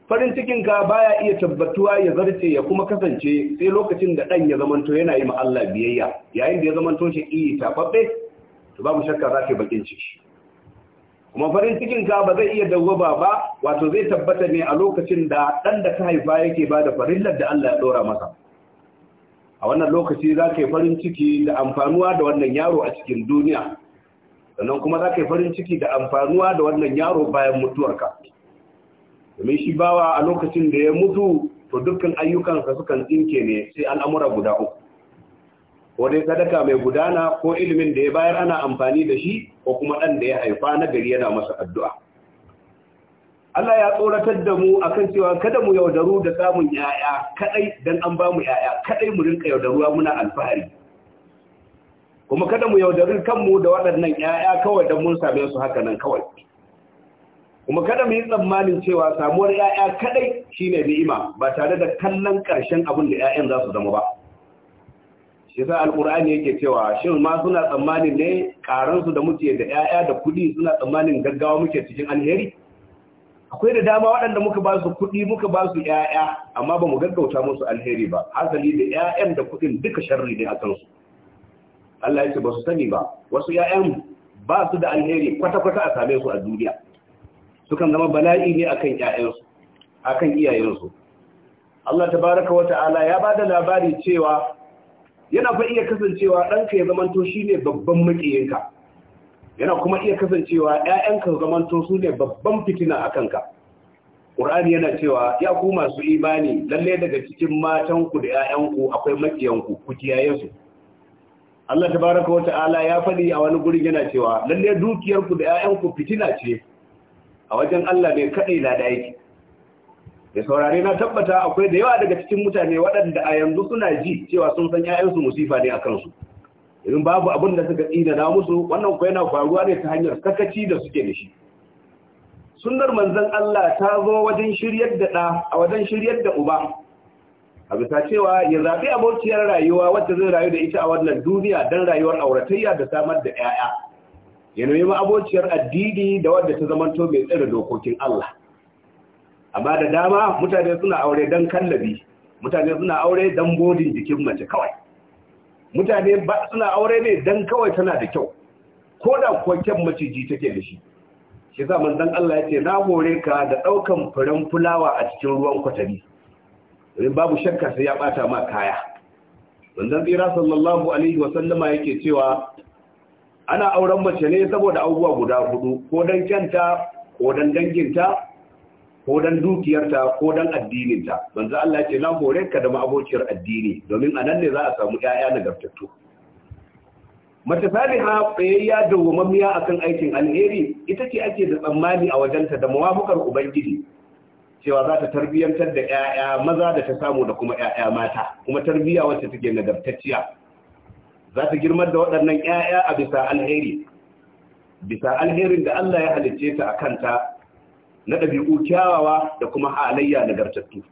farin cikin ka baya iya tabbatuwa ya zarce ya kuma kasance sai lokacin da ɗan ya zamanto yana yi ma Allah biyayya yayin da ya zamanto shi iya to babu shakka zaka yi bakin ciki kuma farin cikin ka ba zai iya dawwaba ba wato zai tabbata ne a lokacin da ɗan da ka haifa yake ba da farillar da Allah ya dora masa a wannan lokaci za ka yi farin ciki da amfanuwa da wannan yaro a cikin duniya sannan kuma za ka yi farin ciki da amfanuwa da wannan yaro bayan mutuwarka domin shi bawa a lokacin da ya mutu to dukkan ayyukansa sukan tsinke ne sai al'amura guda uku ko sadaka mai gudana ko ilimin da ya bayar ana amfani da shi ko kuma ɗan da ya haifa na gari yana masa addu'a Allah ya tsoratar da mu akan cewa kada mu yaudaru da samun yaya kadai dan an ba mu yaya kadai mu rinka yaudaruwa muna alfahari kuma kada mu yaudari kanmu da waɗannan yaya kawai dan mun same su haka nan kawai kuma kada mu yi tsammanin cewa samuwar yaya kadai shine ni'ima ba tare da kallon ƙarshen abin da yayan za su zama ba shi al'urani alkur'ani yake cewa shin ma suna tsammanin ne karansu da muke da 'ya'ya da kuɗi suna tsammanin gaggawa muke cikin alheri akwai da dama waɗanda muka ba su kuɗi muka ba su 'ya'ya amma ba mu gaggauta musu alheri ba hasali da 'ya'yan da kuɗin duka sharri ne a kansu Allah ya ce ba su sani ba wasu 'ya'yan ba su da alheri kwata-kwata a same su a duniya sukan zama bala'i ne akan 'ya'yansu akan iyayensu Allah tabaraka wa ta'ala ya da labari cewa yana fa iya kasancewa ɗanka ya zamanto shi ne babban maƙiyinka yana kuma iya kasancewa ‘ya'yanka zamanto su ne babban fitina a kanka ƙur'ani yana cewa ya ku masu imani lalle daga cikin matanku da ‘ya'yanku akwai maƙiyanku ku kiyaye su Allah baraka wa ta'ala ya faɗi a wani gurin yana cewa lalle dukiyarku da ‘ya'yanku fitina ce a wajen Allah ne kaɗai na da yake Ya saurare na tabbata akwai da yawa daga cikin mutane waɗanda a yanzu suna ji cewa sun san 'ya'yansu musifa ne a kansu irin babu abin da suka tsina na musu wannan kuwa yana faruwa ne ta hanyar sakaci da suke da shi sunnar manzon Allah ta zo wajen shiryar da ɗa a wajen shiryar da uba a bisa cewa ya zaɓi abokiyar rayuwa wacce zai rayu da ita a wannan duniya don rayuwar auratayya da samar da 'ya'ya ya nemi abokiyar addini da wadda ta zamanto mai tsare dokokin Allah amma da dama mutane suna aure don kallabi mutane suna aure don godin jikin mace kawai mutane suna aure ne don kawai tana da kyau ko da kwakken maciji take da shi shi za don Allah ya ce na hore ka da ɗaukan furen fulawa a cikin ruwan kwatari. domin babu shakka sai ya bata ma kaya manzon tsira sallallahu alaihi wa yake cewa ana auren mace ne saboda abubuwa guda hudu ko don kyanta ko don danginta ko dan dukiyarta ko dan addininta manzo Allah ce na hore ka da ma'abociyar addini domin a nan ne za a samu ƴaƴa nagartattu mace saliha tsayayya da wamammiya akan aikin alheri ita ce ake da tsammani a wajenta da muwafakar ubangiji cewa za ta tarbiyantar da 'ya'ya maza da ta samu da kuma 'ya'ya mata kuma tarbiya wacce take nagartacciya za ta girmar da waɗannan 'ya'ya a bisa alheri bisa alherin da Allah ya halicce ta a kanta na ɗabi'u kyawawa da kuma halayya nagartattu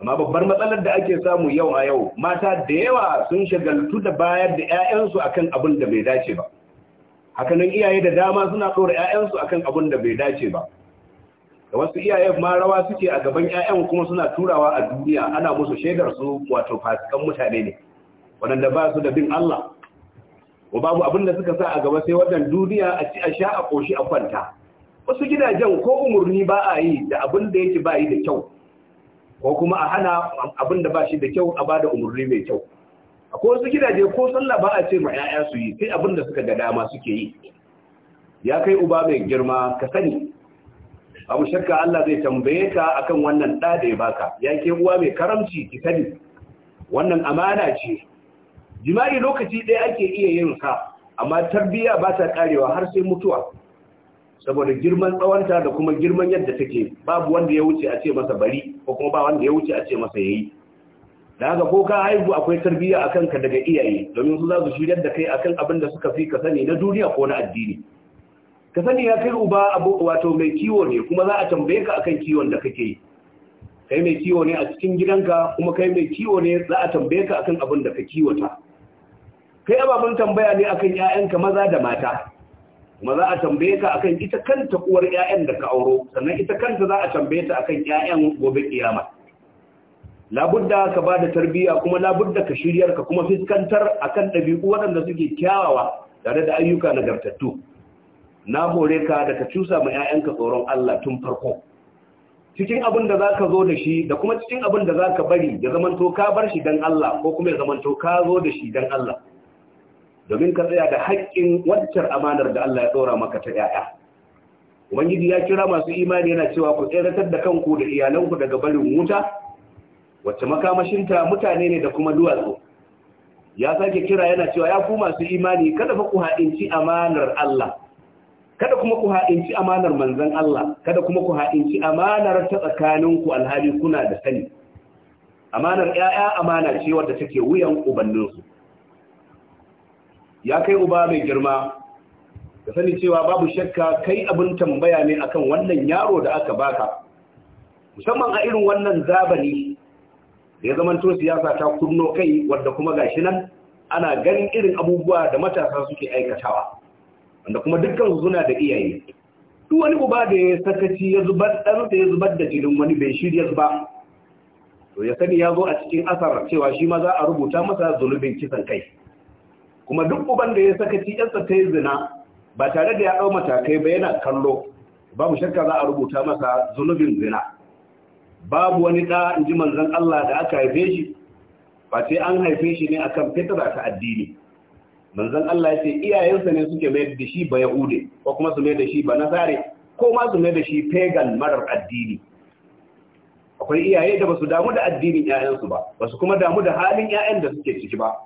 amma babbar matsalar da ake samu yau a yau mata da yawa sun shagaltu da bayar da 'ya'yansu akan abin da bai dace ba hakanan iyaye da dama suna ɗora 'ya'yansu akan abin da bai dace ba da wasu iyaye ma rawa suke a gaban 'ya'yan kuma suna turawa a duniya ana musu shaidarsu wato fasikan mutane ne waɗanda ba su da bin Allah ko babu abin da suka sa a gaba sai wannan duniya a ci a sha a ƙoshi a kwanta wasu gidajen ko umarni ba a yi da abin da yake ba yi da kyau ko kuma a hana abin da ba shi da kyau a ba da umarni mai kyau akwai wasu gidaje ko sallah ba a ce ma 'ya'ya su yi sai abin da suka ga dama suke yi ya kai uba mai girma ka sani abu shakka Allah zai tambaye ka akan wannan ɗa da ya baka ya ke uwa mai karamci ki sani wannan amana ce jima'i lokaci ɗaya ake iya yin sa amma tarbiyya ba ta karewa har sai mutuwa saboda girman tsawonta da kuma girman yadda take babu wanda ya wuce a ce masa bari ko kuma ba wanda ya wuce a ce masa yayi da haka ko ka haihu akwai tarbiyya a ka daga iyaye domin su za su shiryar da kai akan abin da suka fi ka sani na duniya ko na addini ka sani ya kai uba abu wato mai kiwo ne kuma za a tambaye ka akan kiwon da kake kai mai kiwo ne a cikin gidanka kuma kai mai kiwo ne za a tambaye ka akan abin da ka kiwata kai ababen tambaya ne akan 'ya'yanka maza da mata ma za a tambaye ka akan ita kanta uwar ƴaƴan da ka auro sannan ita kanta za a tambaye ta akan ƴaƴan gobe kiyama labudda ka bada da tarbiyya kuma labudda ka shiryar ka kuma fiskantar akan ɗabi'u waɗanda suke kyawawa tare da ayyuka nagartattu na hore ka da ka cusa ma ƴaƴanka tsoron Allah tun farko cikin abin da za ka zo da shi da kuma cikin abin da za ka bari ya zamanto ka bar shi don Allah ko kuma ya zamanto ka zo da shi don Allah domin ka tsaya da haƙƙin waccar amanar da Allah ya ɗora maka ta ‘ya'ya. Ubangiji ya kira masu imani yana cewa ku tseratar da kanku da iyalanku daga barin wuta, wacce makamashinta mutane ne da kuma duwatsu. Ya sake kira yana cewa ya ku masu imani kada fa ku haɗinci amanar Allah, kada kuma ku haɗinci amanar manzan Allah, kada kuma ku haɗinci amanar ta tsakaninku alhali kuna da sani. Amanar ‘ya'ya amana ce wadda take wuyan ubanninsu. ya kai uba mai girma ka sani cewa babu shakka kai abin tambaya ne akan wannan yaro da aka baka musamman a irin wannan zabani da ya zamanto siyasa ta kunno kai wadda kuma gashi nan ana ganin irin abubuwa da matasa suke aikatawa wanda kuma dukkan suna da iyaye duk wani uba da ya sakaci ya zubar da ya zubar da jinin wani bai shirya ba to ya sani ya zo a cikin asar cewa shi ma za a rubuta masa zunubin kisan kai kuma duk uban da ya saka ciyarsa ta yi zina ba tare da ya ɗau matakai ba yana kallo babu shakka za a rubuta masa zunubin zina babu wani ɗa in ji manzan Allah da aka haife shi ba sai an haife shi ne akan fitara ta addini manzan Allah ya ce iyayensa ne suke mai da shi ba yahude ko kuma su mai da shi ba nasare ko ma su mai da shi pagan marar addini akwai iyaye da basu damu da addinin 'ya'yansu ba basu kuma damu da halin 'ya'yan da suke ciki ba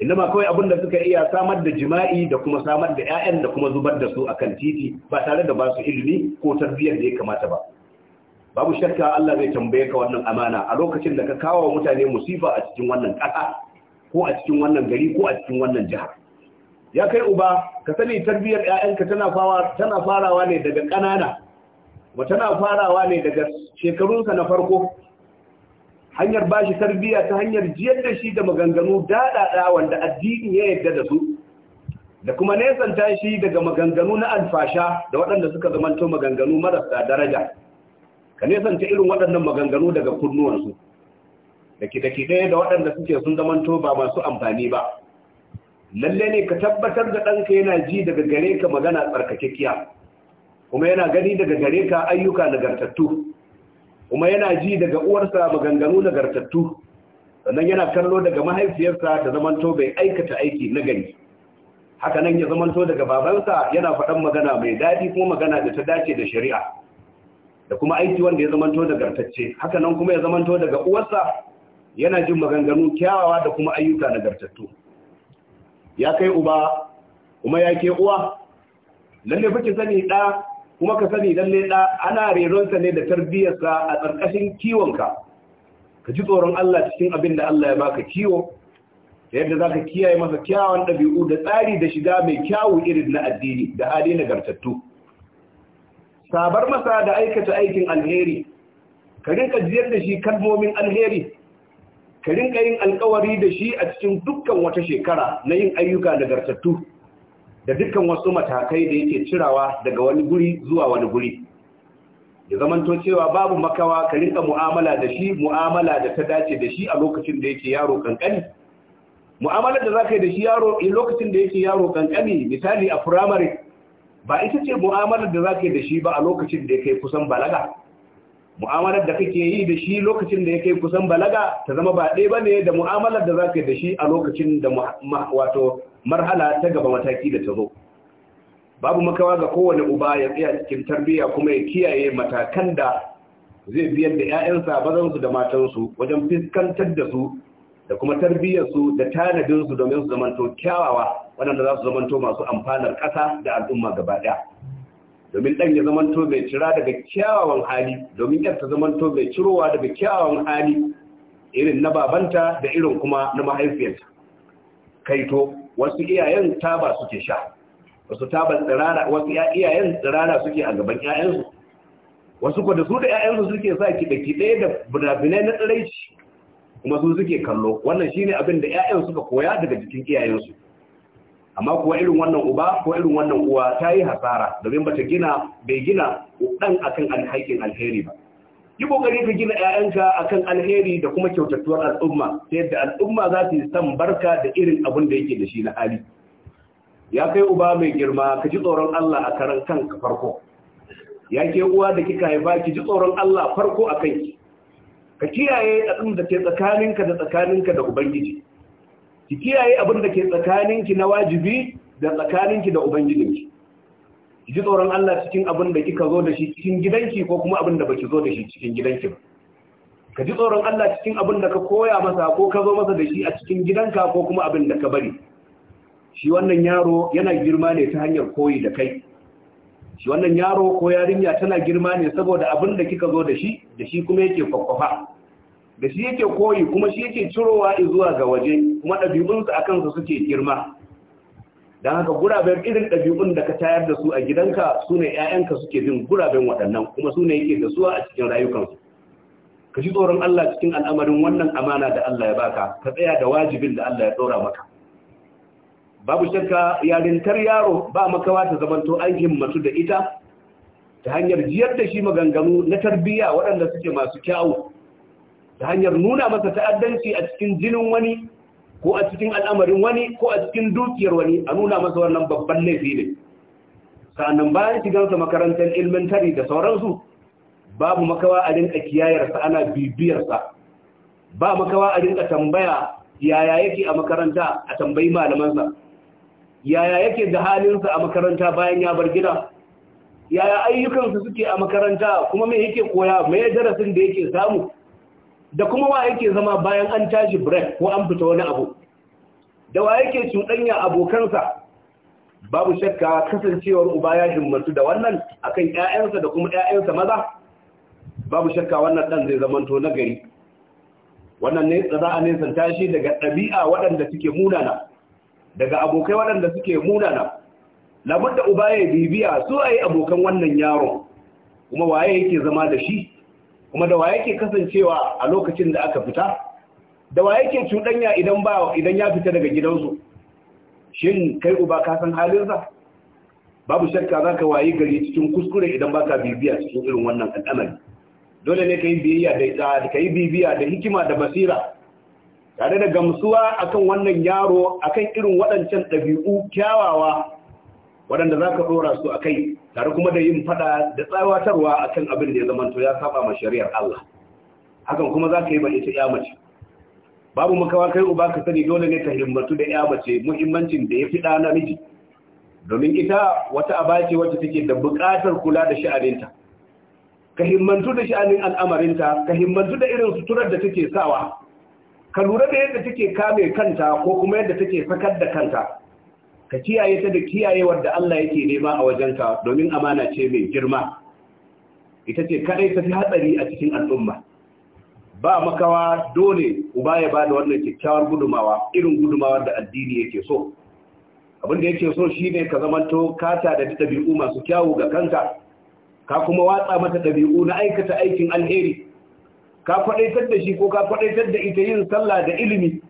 inama kawai abin da suka iya samar da jima'i da kuma samar da 'ya'yan da kuma zubar da su akan titi ba tare da ba su ilimi ko tarbiyyar da ya kamata ba babu shakka Allah zai tambaye ka wannan amana a lokacin da ka kawo mutane musifa a cikin wannan ƙasa ko a cikin wannan gari ko a cikin wannan jihar ya kai uba ka sani tarbiyyar 'ya'yanka tana fawa tana farawa ne daga ƙanana ba tana farawa ne daga shekarunka na farko hanyar ba shi tarbiyya ta hanyar jiyar da shi da maganganu daɗaɗa wanda addini ya yadda da su da kuma nesanta shi daga maganganu na alfasha da waɗanda suka zamanto maganganu marasa daraja ka nesanta irin waɗannan maganganu daga kunnuwansu da daki ɗaya da waɗanda suke sun zamanto ba masu amfani ba lalle ne ka tabbatar da ɗanka yana ji daga gare ka magana tsarkakekiya kuma yana gani daga gare ka ayyuka nagartattu kuma yana ji daga uwarsa maganganu nagartattu sannan yana kallo daga mahaifiyarsa ta zamanto bai aikata aiki na gari haka nan ya zamanto daga babansa yana faɗan magana mai daɗi kuma magana da ta dace da shari'a da kuma aiki wanda ya zamanto nagartacce haka nan kuma ya zamanto daga uwarsa yana jin maganganu kyawawa da kuma ayyuka nagartattu ya kai uba kuma ya ke uwa lalle fikin sani ɗa kuma ka sani lalle da ana reronsa ne da tarbiyyarsa a tsarkashin kiwonka ka ji tsoron Allah cikin abin da Allah ya baka kiwo da yadda za ka kiyaye masa kyawun ɗabi'u da tsari da shiga mai kyawu irin na addini da hali gartattu. sabar masa da aikata aikin alheri ka rinka jiyar da shi kalmomin alheri ka rinka yin alkawari da shi a cikin dukkan wata shekara na yin ayyuka gartattu. da dukkan wasu matakai da yake cirawa daga wani guri zuwa wani guri ya zamanto cewa babu makawa ka rinka mu'amala da shi mu'amala da ta dace da shi a lokacin da yake yaro kankani mu'amalar da zaka yi da shi yaro a eh, lokacin da yake yaro kankani misali a primary ba ita ce mu'amalar da zaka yi da shi ba a lokacin da yake kusan balaga mu'amalar da kake yi da shi lokacin da yake kusan balaga ta zama ba ɗaya bane da mu'amalar da zaka yi da shi a lokacin da wato marhala ta gaba mataki da ta zo babu makawa ga kowane uba ya tsaya cikin tarbiyya kuma ya kiyaye matakan da zai biyar da 'ya'yansa su, da matansu wajen fiskantar da su da kuma su da tanadinsu domin su zamanto kyawawa waɗanda za su zamanto masu amfanar ƙasa da al'umma gaba ɗaya domin ɗan ya zamanto mai cira daga kyawawan hali domin yar ta zamanto mai cirowa daga kyawawan hali irin na babanta da irin kuma na mahaifiyarta kaito wasu iyayen taba suke sha wasu taba tsirara wasu iyayen tsirara suke a gaban iyayensu wasu ko su da iyayensu suke sa kiɗe-kiɗe da binabinai na tsiraici kuma su suke kallo wannan shi ne abin da 'ya'yan suka koya daga jikin iyayensu amma kuwa irin wannan uba ko irin wannan uwa ta yi hasara domin bata gina bai gina ɗan akan alhakin alheri ba yi kokari ka gina 'ya'yanka kan alheri da kuma kyautattuwar al'umma ta yadda al'umma za su yi san barka da irin abin da yake da shi na hali ya kai uba mai girma ka ji tsoron Allah a karan kanka farko ya ke uwa da kika haifa ki ji tsoron Allah farko a kanki ka kiyaye abin da ke tsakaninka da tsakaninka da ubangiji ki kiyaye abin da ke tsakaninki na wajibi da tsakaninki da ubangijinki ji tsoron Allah cikin abin da kika zo da shi cikin gidanki ko kuma abin da baki zo da shi cikin gidanki ba ka ji tsoron Allah cikin abin da ka koya masa ko ka zo masa da shi a cikin gidanka ko kuma abin da ka bari shi wannan yaro yana girma ne ta hanyar koyi da kai shi wannan yaro ko yarinya tana girma ne saboda abin da kika zo da shi da shi kuma yake kwakwafa da shi yake koyi kuma shi yake cirowa zuwa ga waje kuma ɗabi'unsa a kansa suke girma don haka guraben irin ɗabi'un da ka tayar da su a gidanka su ne 'ya'yanka suke bin guraben waɗannan kuma su ne yake da suwa a cikin rayukansu ka ji tsoron Allah cikin al'amarin wannan amana da Allah ya baka ka tsaya da wajibin da Allah ya ɗora maka babu shakka yarintar yaro ba makawa ta zamanto an himmatu da ita ta hanyar jiyar da shi maganganu na tarbiyya waɗanda suke masu kyawu ta hanyar nuna masa ta'addanci a cikin jinin wani ko a cikin al'amarin wani ko a cikin dukiyar wani a nuna masa wannan babban laifi ne sa'annan bayan shigansa makarantar ilmantari da sauransu babu makawa a rinka kiyayarsa ana bibiyarsa ba makawa a rinka tambaya yaya yake a makaranta a tambayi malamansa yaya yake da halinsa a makaranta bayan ya bar gida yaya ayyukansa suke a makaranta kuma me yake koya me darasin da yake samu da kuma wa yake zama bayan an tashi break ko an fita wani abu da wa yake cuɗanya abokansa babu shakka kasancewar uba ya himmatu da wannan akan ƴaƴansa da kuma ƴaƴansa maza babu shakka wannan dan zai zamanto na gari wannan ne za a nisan tashi daga ɗabi'a waɗanda suke munana daga abokai waɗanda suke munana da uba ya bibiya su ayi abokan wannan yaro kuma waye yake zama da shi kuma da wa yake kasancewa a lokacin da aka fita da wa yake cuɗanya idan ba idan ya fita daga gidansu shin kai uba ka san halinsa babu shakka zaka ka wayi gari cikin kuskure idan ba bibiya cikin irin wannan al'amari dole ne ka yi bibiya da hikima da basira tare da gamsuwa akan wannan yaro akan irin waɗancan ɗabi'u kyawawa waɗanda za ka ɗora su a kai tare kuma da yin faɗa da tsawatarwa a kan abin da ya zamanto ya saba ma shari'ar Allah hakan kuma za ka yi bane ita ya mace babu makawa kai uba ka sani dole ne ka himmatu da ya mace muhimmancin da ya fi ɗa namiji domin ita wata aba ce wacce take da buƙatar kula da sha'aninta ka himmantu da sha'anin al'amarinta ka himmantu da irin suturar da take sawa ka lura da yadda take kame kanta ko kuma yadda take sakar da kanta ka kiyaye ta da kiyayewar da Allah yake nema a wajenka domin amana ce mai girma ita ce kadai ta fi hatsari a cikin al'umma ba makawa dole uba ya bada wannan kyakkyawar gudumawa irin gudumawar da addini yake so abin da yake so shine ka zamanto kata da dabi'u masu kyawu ga kanka ka kuma watsa mata dabi'u na aikata aikin alheri ka faɗaitar da shi ko ka faɗaitar da ita yin sallah da ilimi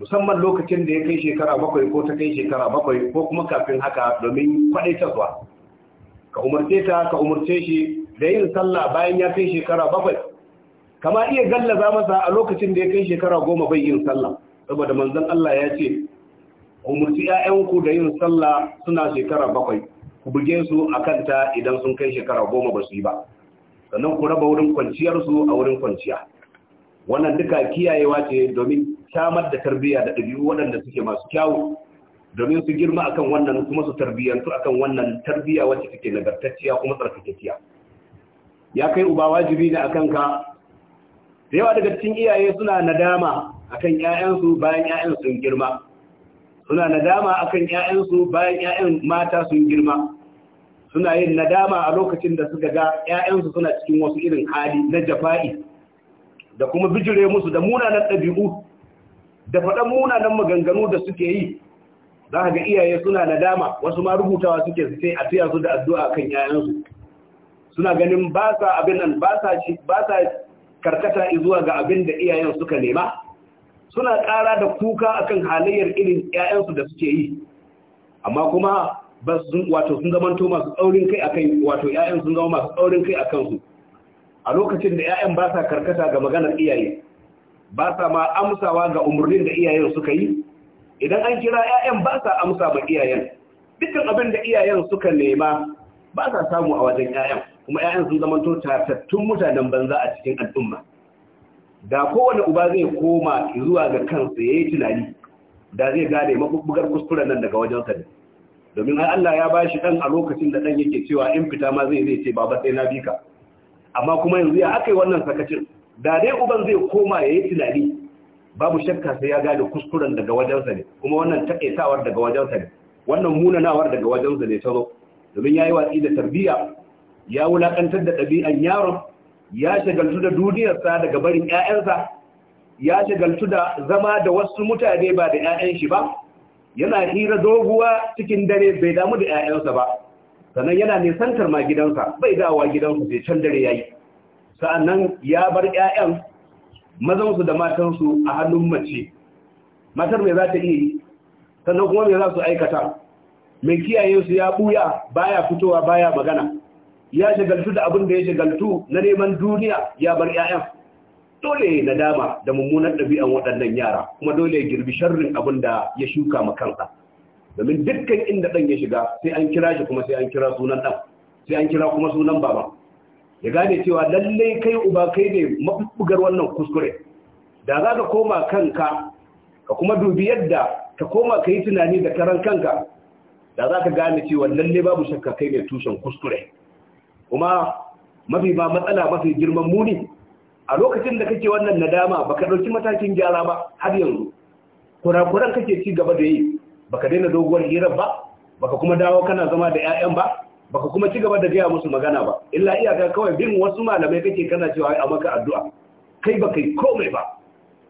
musamman lokacin da ya kai shekara bakwai ko ta kai shekara bakwai ko kuma kafin haka domin kwaɗaitarwa ka umarce ta ka umarce shi da yin sallah bayan ya kai shekara bakwai kama iya gallaza masa a lokacin da ya kai shekara goma bai yin sallah saboda manzon Allah ya ce umarci 'ya'yanku da yin sallah suna shekara bakwai ku buge su a kanta idan sun kai shekara goma ba su yi ba sannan ku raba wurin kwanciyarsu a wurin kwanciya wannan duka kiyayewa ce domin samar da tarbiyya da ɗabi'u waɗanda suke masu kyawu domin su girma akan wannan kuma su tarbiyyantu akan wannan tarbiyya wacce take nagartacciya kuma tsarkakekiya ya kai uba wajibi ne akan ka da yawa daga cikin iyaye suna nadama akan ƴaƴansu bayan ƴaƴan sun girma suna nadama akan ƴaƴansu bayan ƴaƴan mata sun girma suna yin nadama a lokacin da suka ga ƴaƴansu suna cikin wasu irin hali na jafa'i da kuma bijire musu da munanan ɗabi'u da faɗan munanan maganganu da suke yi za ga iyaye suna nadama wasu ma rubutawa suke su sai a tiya su da addu'a kan yayansu suna ganin ba sa abin nan ba sa karkata zuwa ga abin da iyayen suka nema suna ƙara da kuka akan halayyar irin yayansu da suke yi amma kuma wato sun zamanto masu tsaurin kai akan wato yayan sun zama masu tsaurin kai akan su a lokacin da 'ya'yan ba sa karkata ga maganar iyaye ba sa ma amsawa ga umarnin da iyayen suka yi idan an kira 'ya'yan ba sa amsa ma iyayen dukkan abin da iyayen suka nema ba sa samu a wajen 'ya'yan kuma 'ya'yan sun zamanto tatattun mutanen banza a cikin al'umma da kowane uba zai koma zuwa ga kansa ya yi tunani da zai gane mabubbugar kuskuren nan daga wajen sa domin Allah ya bashi dan a lokacin da dan yake cewa in fita ma zai zai ce baba sai na bika amma kuma yanzu ya aka yi wannan sakacin da dai uban zai koma ya yi tunani babu shakka sai ya gane kuskuren daga wajensa ne kuma wannan taƙaitawar daga wajensa ne wannan munanawar daga wajensa ne ta zo domin ya yi watsi da tarbiyya ya wulaƙantar da ɗabi'an yaron ya shagaltu da duniyarsa daga barin 'ya'yansa ya shagaltu da zama da wasu mutane ba da 'ya'yan shi ba yana hira doguwa cikin dare bai damu da 'ya'yansa ba sannan yana nisantar ma gidansa bai dawa gidansu sai can dare yayi sa'annan ya bar ƴaƴan mazansu da matansu a hannun mace matar mai za ta yi sannan kuma mai za su aikata mai kiyaye su ya buya baya fitowa baya magana ya shagaltu da abin da ya shagaltu na neman duniya ya bar ƴaƴan dole na dama da mummunan ɗabi'an waɗannan yara kuma dole girbi sharrin abin da ya shuka ma kansa domin dukkan inda ɗan ya shiga sai an kira shi kuma sai an kira sunan ɗan sai an kira kuma sunan baban ya gane cewa lallai kai uba kai ne mafugar wannan kuskure da za ka koma kanka ka kuma dubi yadda ka koma ka yi tunani da karan kanka da za ka gane cewa lallai babu shakka kai ne tushen kuskure kuma mafi ma matsala mafi girman muni a lokacin da kake wannan nadama baka ɗauki matakin gyara ba har yanzu kurakuran kake ci gaba da yi baka daina doguwar hira ba baka kuma dawo kana zama da 'ya'yan ba baka kuma ci gaba da gaya musu magana ba illa iyaka kawai bin wasu malamai kake kana cewa a maka addu'a kai baka yi komai ba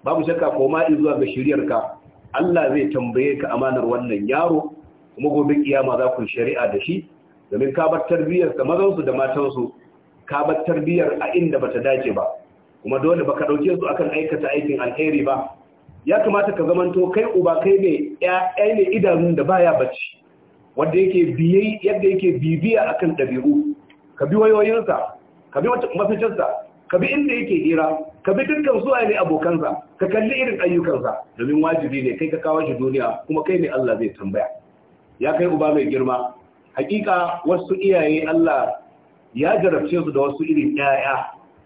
babu shakka koma zuwa ga ka Allah zai tambaye ka amanar wannan yaro kuma gobe kiyama za ku shari'a da shi domin ka bar tarbiyar ka su da matan su. ka bar tarbiyar a inda bata dace ba kuma dole baka dauke su akan aikata aikin alheri ba ya kamata ka zamanto kai uba kai ne ƴaƴa ne idanun da baya bacci wanda yake biyayi yadda yake bibiya akan dabi'u ka bi wayoyinsa ka bi maficinsa ka bi inda yake hira ka bi dukkan su ne abokansa ka kalli irin ayyukansa domin wajibi ne kai ka kawo shi duniya kuma kai ne Allah zai tambaya ya kai uba mai girma hakika wasu iyaye Allah ya jarabce su da wasu irin ƴaƴa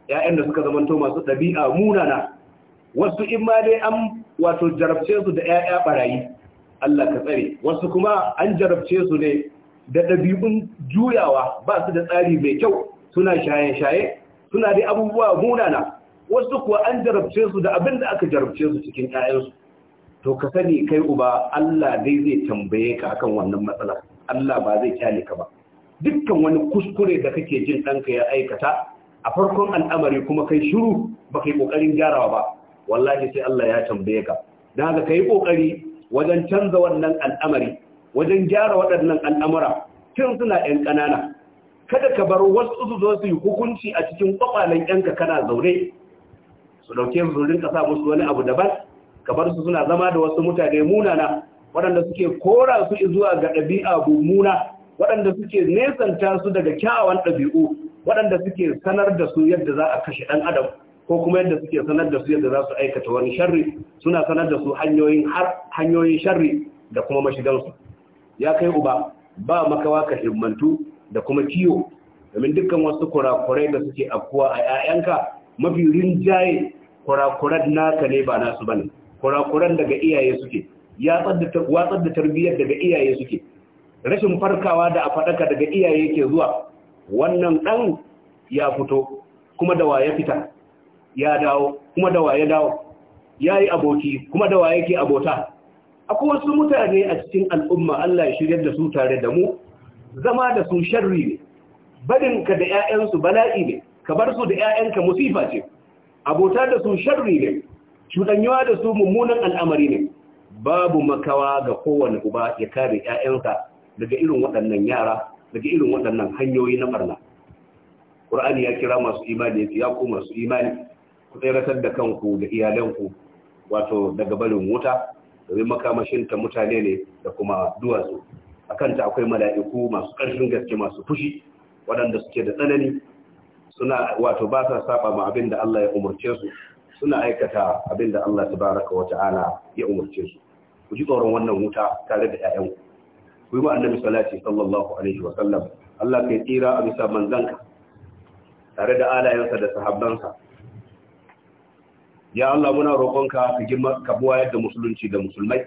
ƴaƴan da suka zamanto masu ɗabi'a munana wasu in ma dai an wato jarabce su da 'ya'ya barayi Allah ka tsare wasu kuma an jarabce su ne da ɗabi'un juyawa ba su da tsari mai kyau suna shaye-shaye suna da abubuwa munana wasu kuwa an jarabce su da abin da aka jarabce su cikin 'ya'yansu to ka sani kai uba Allah dai zai tambaye ka akan wannan matsalar Allah ba zai kyale ka ba dukkan wani kuskure da kake jin ɗanka ya aikata a farkon al'amari kuma kai shiru ba kai ƙoƙarin gyarawa ba wallahi sai Allah ya tambaye ka dan haka kai kokari wajen canza wannan al'amari wajen gyara waɗannan al'amura tun suna ɗan ƙanana kada ka bar wasu su zo su yi hukunci a cikin kwakwalen yanka kana zaune su dauke su ka sa musu wani abu daban ka bar su suna zama da wasu mutane munana waɗanda suke kora su zuwa ga ɗabi'a mummuna waɗanda suke nesanta su daga kyawawan ɗabi'u waɗanda suke sanar da su yadda za a kashe ɗan adam ko kuma yadda suke sanar da su yadda za su aikata wani sharri suna sanar da su hanyoyin har hanyoyin sharri da kuma mashigansu ya kai uba ba makawa ka himmantu da kuma kiyo domin dukkan wasu kurakurai da suke afkuwa a 'ya'yanka mafi rinjaye kurakuran naka ne ba nasu bane kurakuran daga iyaye suke ya watsar da tarbiyyar daga iyaye suke rashin farkawa da a faɗaka daga iyaye ke zuwa wannan ɗan ya fito kuma da wa ya fita ya dawo kuma da waye dawo ya yi aboki kuma da waye ke abota akwai wasu mutane a cikin al'umma Allah ya shirya da su tare da mu zama da su sharri ne ka da 'ya'yansu bala'i ne ka bar su da 'ya'yanka musifa ce abota da su sharri ne cuɗanyuwa da su mummunan al'amari ne babu makawa ga kowane uba ya kare 'ya'yansa daga irin waɗannan yara daga irin waɗannan hanyoyi na barna qurani ya kira masu imani ya ku masu imani ku tseratar da kanku da iyalanku wato daga barin wuta domin ta mutane ne da kuma duwatsu a kanta akwai mala'iku masu ƙarfin gaske masu fushi waɗanda suke da tsanani suna wato ba sa saba ma abin da Allah ya umarce su suna aikata abin da Allah tabaraka wa ta'ala ya umarce su ku ji tsoron wannan wuta tare da 'ya'yanku ku yi wa annabi salati sallallahu alaihi wa sallam Allah kai tsira a bisa manzanka tare da alayensa da sahabbansa ya Allah muna roƙonka ka girma ka buwayar da musulunci da musulmai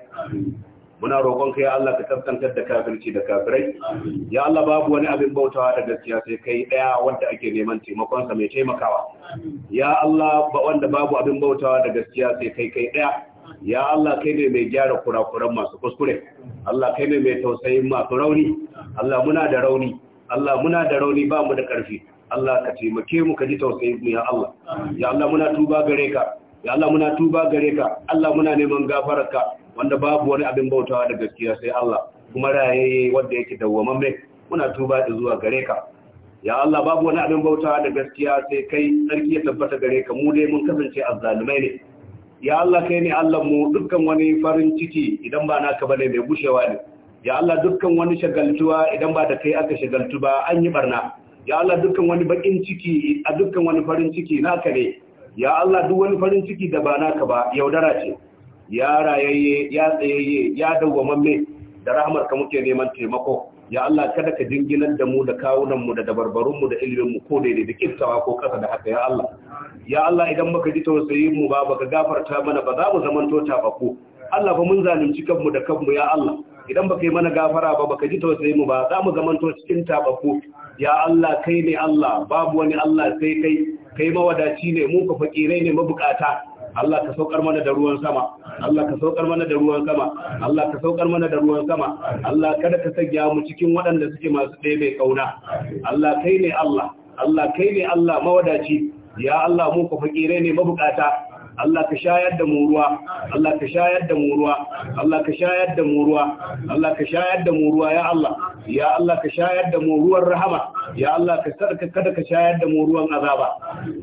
muna roƙonka ya Allah ka tabbatar da kafirci da kafirai ya Allah babu wani abin bautawa da gaskiya sai kai daya wanda ake neman taimakon sa mai taimakawa ya Allah ba wanda babu abin bautawa da gaskiya sai kai kai daya ya Allah kai ne mai gyara kurakuran masu kuskure Allah kai ne mai tausayin masu rauni Allah muna da rauni Allah muna da rauni ba mu da ƙarfi Allah ka taimake mu ka ji tausayin mu ya Allah ya Allah muna tuba gare ka ya Allah muna tuba gare ka Allah muna neman gafararka wanda babu wani abin bautawa da gaskiya sai Allah kuma rayaye wanda yake dawwamamme muna tuba da zuwa gare ka ya Allah babu wani abin bautawa da gaskiya sai kai sarki ya tabbata gare ka mu dai mun kasance azzalumai ne ya Allah kai ne Allah mu dukkan wani farin ciki idan ba naka bane mai gushewa ne ya Allah dukkan wani shagaltuwa idan ba da kai aka shagaltu ba an yi barna ya Allah dukkan wani bakin ciki a dukkan wani farin ciki naka ne ya Allah duk wani farin ciki da ba naka ba yaudara ce ya rayayye ya tsayayye ya dawwamamme da rahmar ka muke neman taimako ya Allah kada ka jinginar da mu da kawunan mu da dabarbarun mu da ilimin mu ko daidai da kittawa ko kasa da haka ya Allah ya Allah idan muka ji tausayin mu ba baka gafarta mana ba za mu zamanto tafako Allah fa mun zalunci kanmu da kanmu ya Allah idan baka yi mana gafara ba baka ji tausayi mu ba za mu zamanto cikin tabako ya Allah kai ne Allah babu wani Allah sai kai kai mawadaci ne mu ka fakire ne mabukata Allah ka saukar mana da ruwan sama Allah ka saukar mana da ruwan sama Allah ka saukar mana da ruwan sama Allah kada ka sanya mu cikin waɗanda suke masu ɗebe kauna Allah kai ne Allah Allah kai ne Allah mawadaci ya Allah mu ka fakire ne mabukata Allah ka shayar da mu ruwa Allah ka shayar da mu ruwa Allah ka shayar da mu ruwa Allah ka shayar da mu ruwa ya Allah ya Allah ka shayar da mu ruwan rahama ya Allah ka sarka kada ka shayar da mu ruwan azaba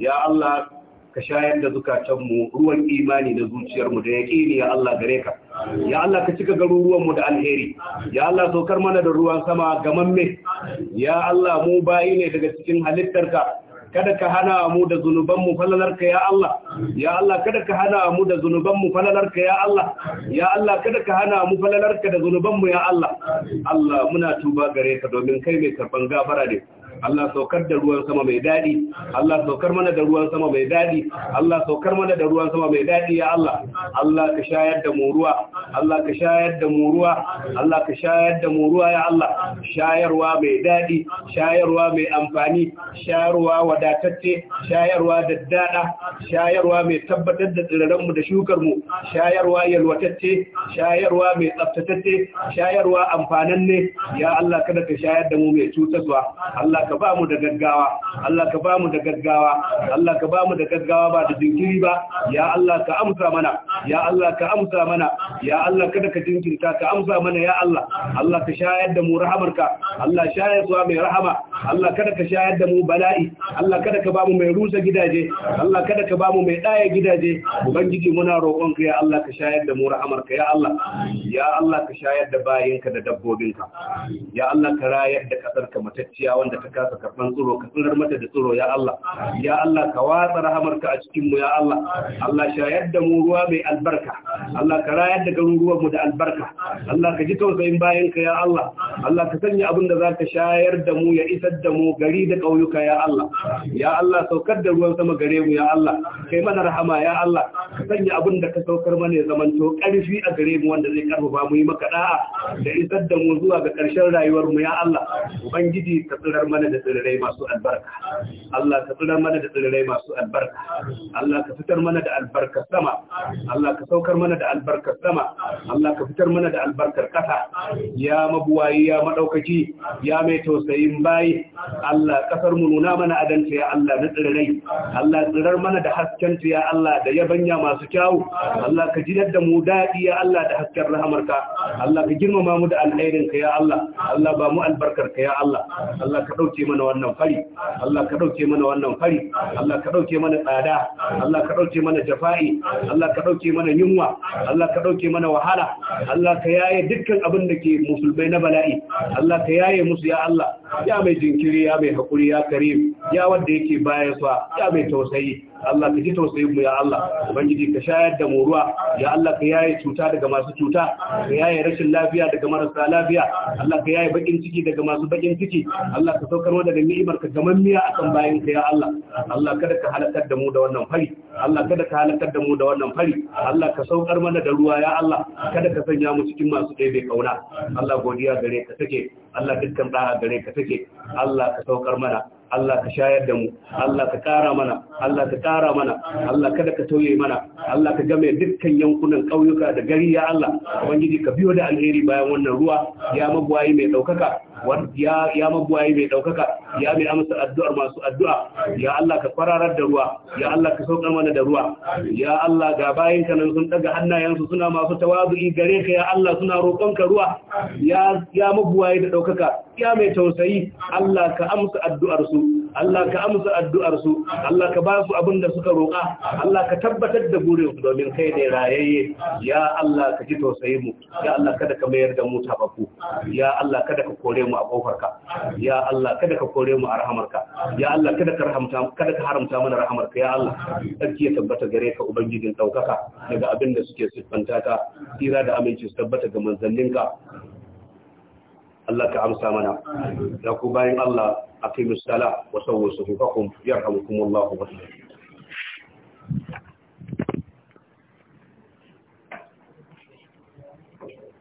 ya Allah ka shayar da zukatanmu ruwan imani da zuciyarmu da yaƙini ya Allah gare ka ya Allah ka cika garuruwanmu da alheri ya Allah saukar mana da ruwan sama gamamme ya Allah mu bayi ne daga cikin halittarka kada ka hana mu da zunubanmu falalarka ya Allah ya Allah kada ka hana mu da zunubanmu falalarka ya Allah ya Allah kada ka hana mu falalarka da zunubanmu ya Allah Allah muna tuba gare ka domin kai mai karban gafara ne Allah saukar da ruwan sama mai daɗi Allah saukar mana da ruwan sama mai daɗi Allah saukar mana da ruwan sama mai daɗi ya Allah Allah ka shayar da mu ruwa Allah ka shayar da mu ruwa Allah ka shayar da mu ruwa ya Allah shayarwa mai daɗi shayarwa mai amfani shayarwa wadatacce shayarwa da daɗa, shayarwa mai tabbatar da tsirranmu da shukarmu shayarwa yalwatacce shayarwa mai tsaftatacce shayarwa amfananne ya Allah kada ka shayar da mu mai cutarwa Allah ka ka ba mu da gaggawa Allah ka ba mu da gaggawa Allah ka ba mu da gaggawa ba da jinkiri ba ya Allah ka amsa mana ya Allah ka amsa mana ya Allah kada ka jinkirta ka amsa mana ya Allah Allah ka shayar da mu rahamarka Allah shayar da mai rahama Allah kada ka shayar da mu bala'i Allah kada ka ba mu mai rusa gidaje Allah kada ka ba mu mai daya gidaje ubangiji muna ka ya Allah ka shayar da mu rahamarka ya Allah ya Allah ka shayar da bayinka da dabbobinka ya Allah ka rayar da kasarka matacciya wanda ta ka karban tsoro ka sanar mata da tsoro ya Allah ya Allah ka watsa rahamarka a cikin mu ya Allah Allah shayar da mu ruwa mai albarka Allah ka rayar da garuruwan mu da albarka Allah ka ji tausayin bayan ka ya Allah Allah ka sanya abin da zaka shayar da mu ya isar da mu gari da kauyuka ya Allah ya Allah saukar da ruwan sama gare mu ya Allah kai mana rahama ya Allah ka sanya abin da ka saukar mana ya zamanto karfi a gare mu wanda zai karfafa mu yi maka da'a da isar da mu zuwa ga ƙarshen rayuwar mu ya Allah ubangiji ka tsirar mana mana da tsirrai masu albarka Allah ka tsirar mana da tsirrai masu albarka Allah ka fitar mana da albarka sama Allah ka saukar mana da albarka sama Allah ka fitar mana da albarkar ƙasa ya mabuwayi ya madaukaki ya mai tausayin bayi Allah kasar mu nuna mana adanta ya Allah na tsirrai Allah tsirar mana da hasken ya Allah da yabanya masu kyawu Allah ka jinar da mu daɗi ya Allah da hasken rahamarka Allah ka girmama mu da alherinka ya Allah Allah ba mu albarkarka ya Allah Allah ka ɗauki dauke mana wannan fari Allah ka dauke mana wannan fari Allah ka dauke mana tsada Allah ka dauke mana jafa'i Allah ka dauke mana yunwa Allah ka dauke mana wahala Allah ka yaye dukkan abin da ke musulmai na bala'i Allah ka yaye musu ya Allah ya mai jinkiri ya mai hakuri ya karim ya wanda yake bayan sa ya mai tausayi Allah ka ji tausayin mu ya Allah ubangiji ka shayar da mu ruwa ya Allah ka yaye cuta daga masu cuta ka yaye rashin lafiya daga marasa lafiya Allah ka yaye bakin ciki daga masu bakin ciki Allah ka saukar daga ni'imar ka gamanmiya akan bayan ka ya Allah Allah kada ka halakar da mu da wannan fari Allah kada ka halakar da mu da wannan fari Allah ka saukar mana da ruwa ya Allah kada ka sanya mu cikin masu ɗebe kauna Allah godiya gare ka take Allah dukkan da'a gare ka take Allah ka saukar mana Allah ka shayar da mu Allah ka kara mana Allah ka kara mana Allah kada ka tauye mana Allah ka game dukkan yankunan ƙauyuka da gari ya Allah ubangiji ka biyo da alheri bayan wannan ruwa ya magwayi mai daukaka ya magwayi mai daukaka ya mai amsa addu'ar masu addu'a ya Allah ka fararar da ruwa ya Allah ka saukar mana da ruwa ya Allah ga bayin ka nan sun daga hannayensu suna masu tawazu'i gare ka ya Allah suna roƙon ka ruwa ya ya mabuwaye da daukaka ya mai tausayi Allah ka amsa addu'ar su Allah ka amsa addu'ar su Allah ka ba su abin da suka roƙa Allah ka tabbatar da burin su domin kai ne rayayye ya Allah ka ji tausayin mu ya Allah kada ka mayar da mu tabaku ya Allah kada ka kore mu a ƙofarka. ya Allah kada ka kore kore mu a rahamarka ya Allah kada ka rahamta kada ka haramta mana rahamarka ya Allah sarki ya tabbata gare ka ubangijin daukaka daga abin da suke siffanta ka tsira da aminci su tabbata ga manzanninka Allah ka amsa mana ya ku bayin Allah aqimus sala wa sawwu sufufakum yarhamukumullahu wa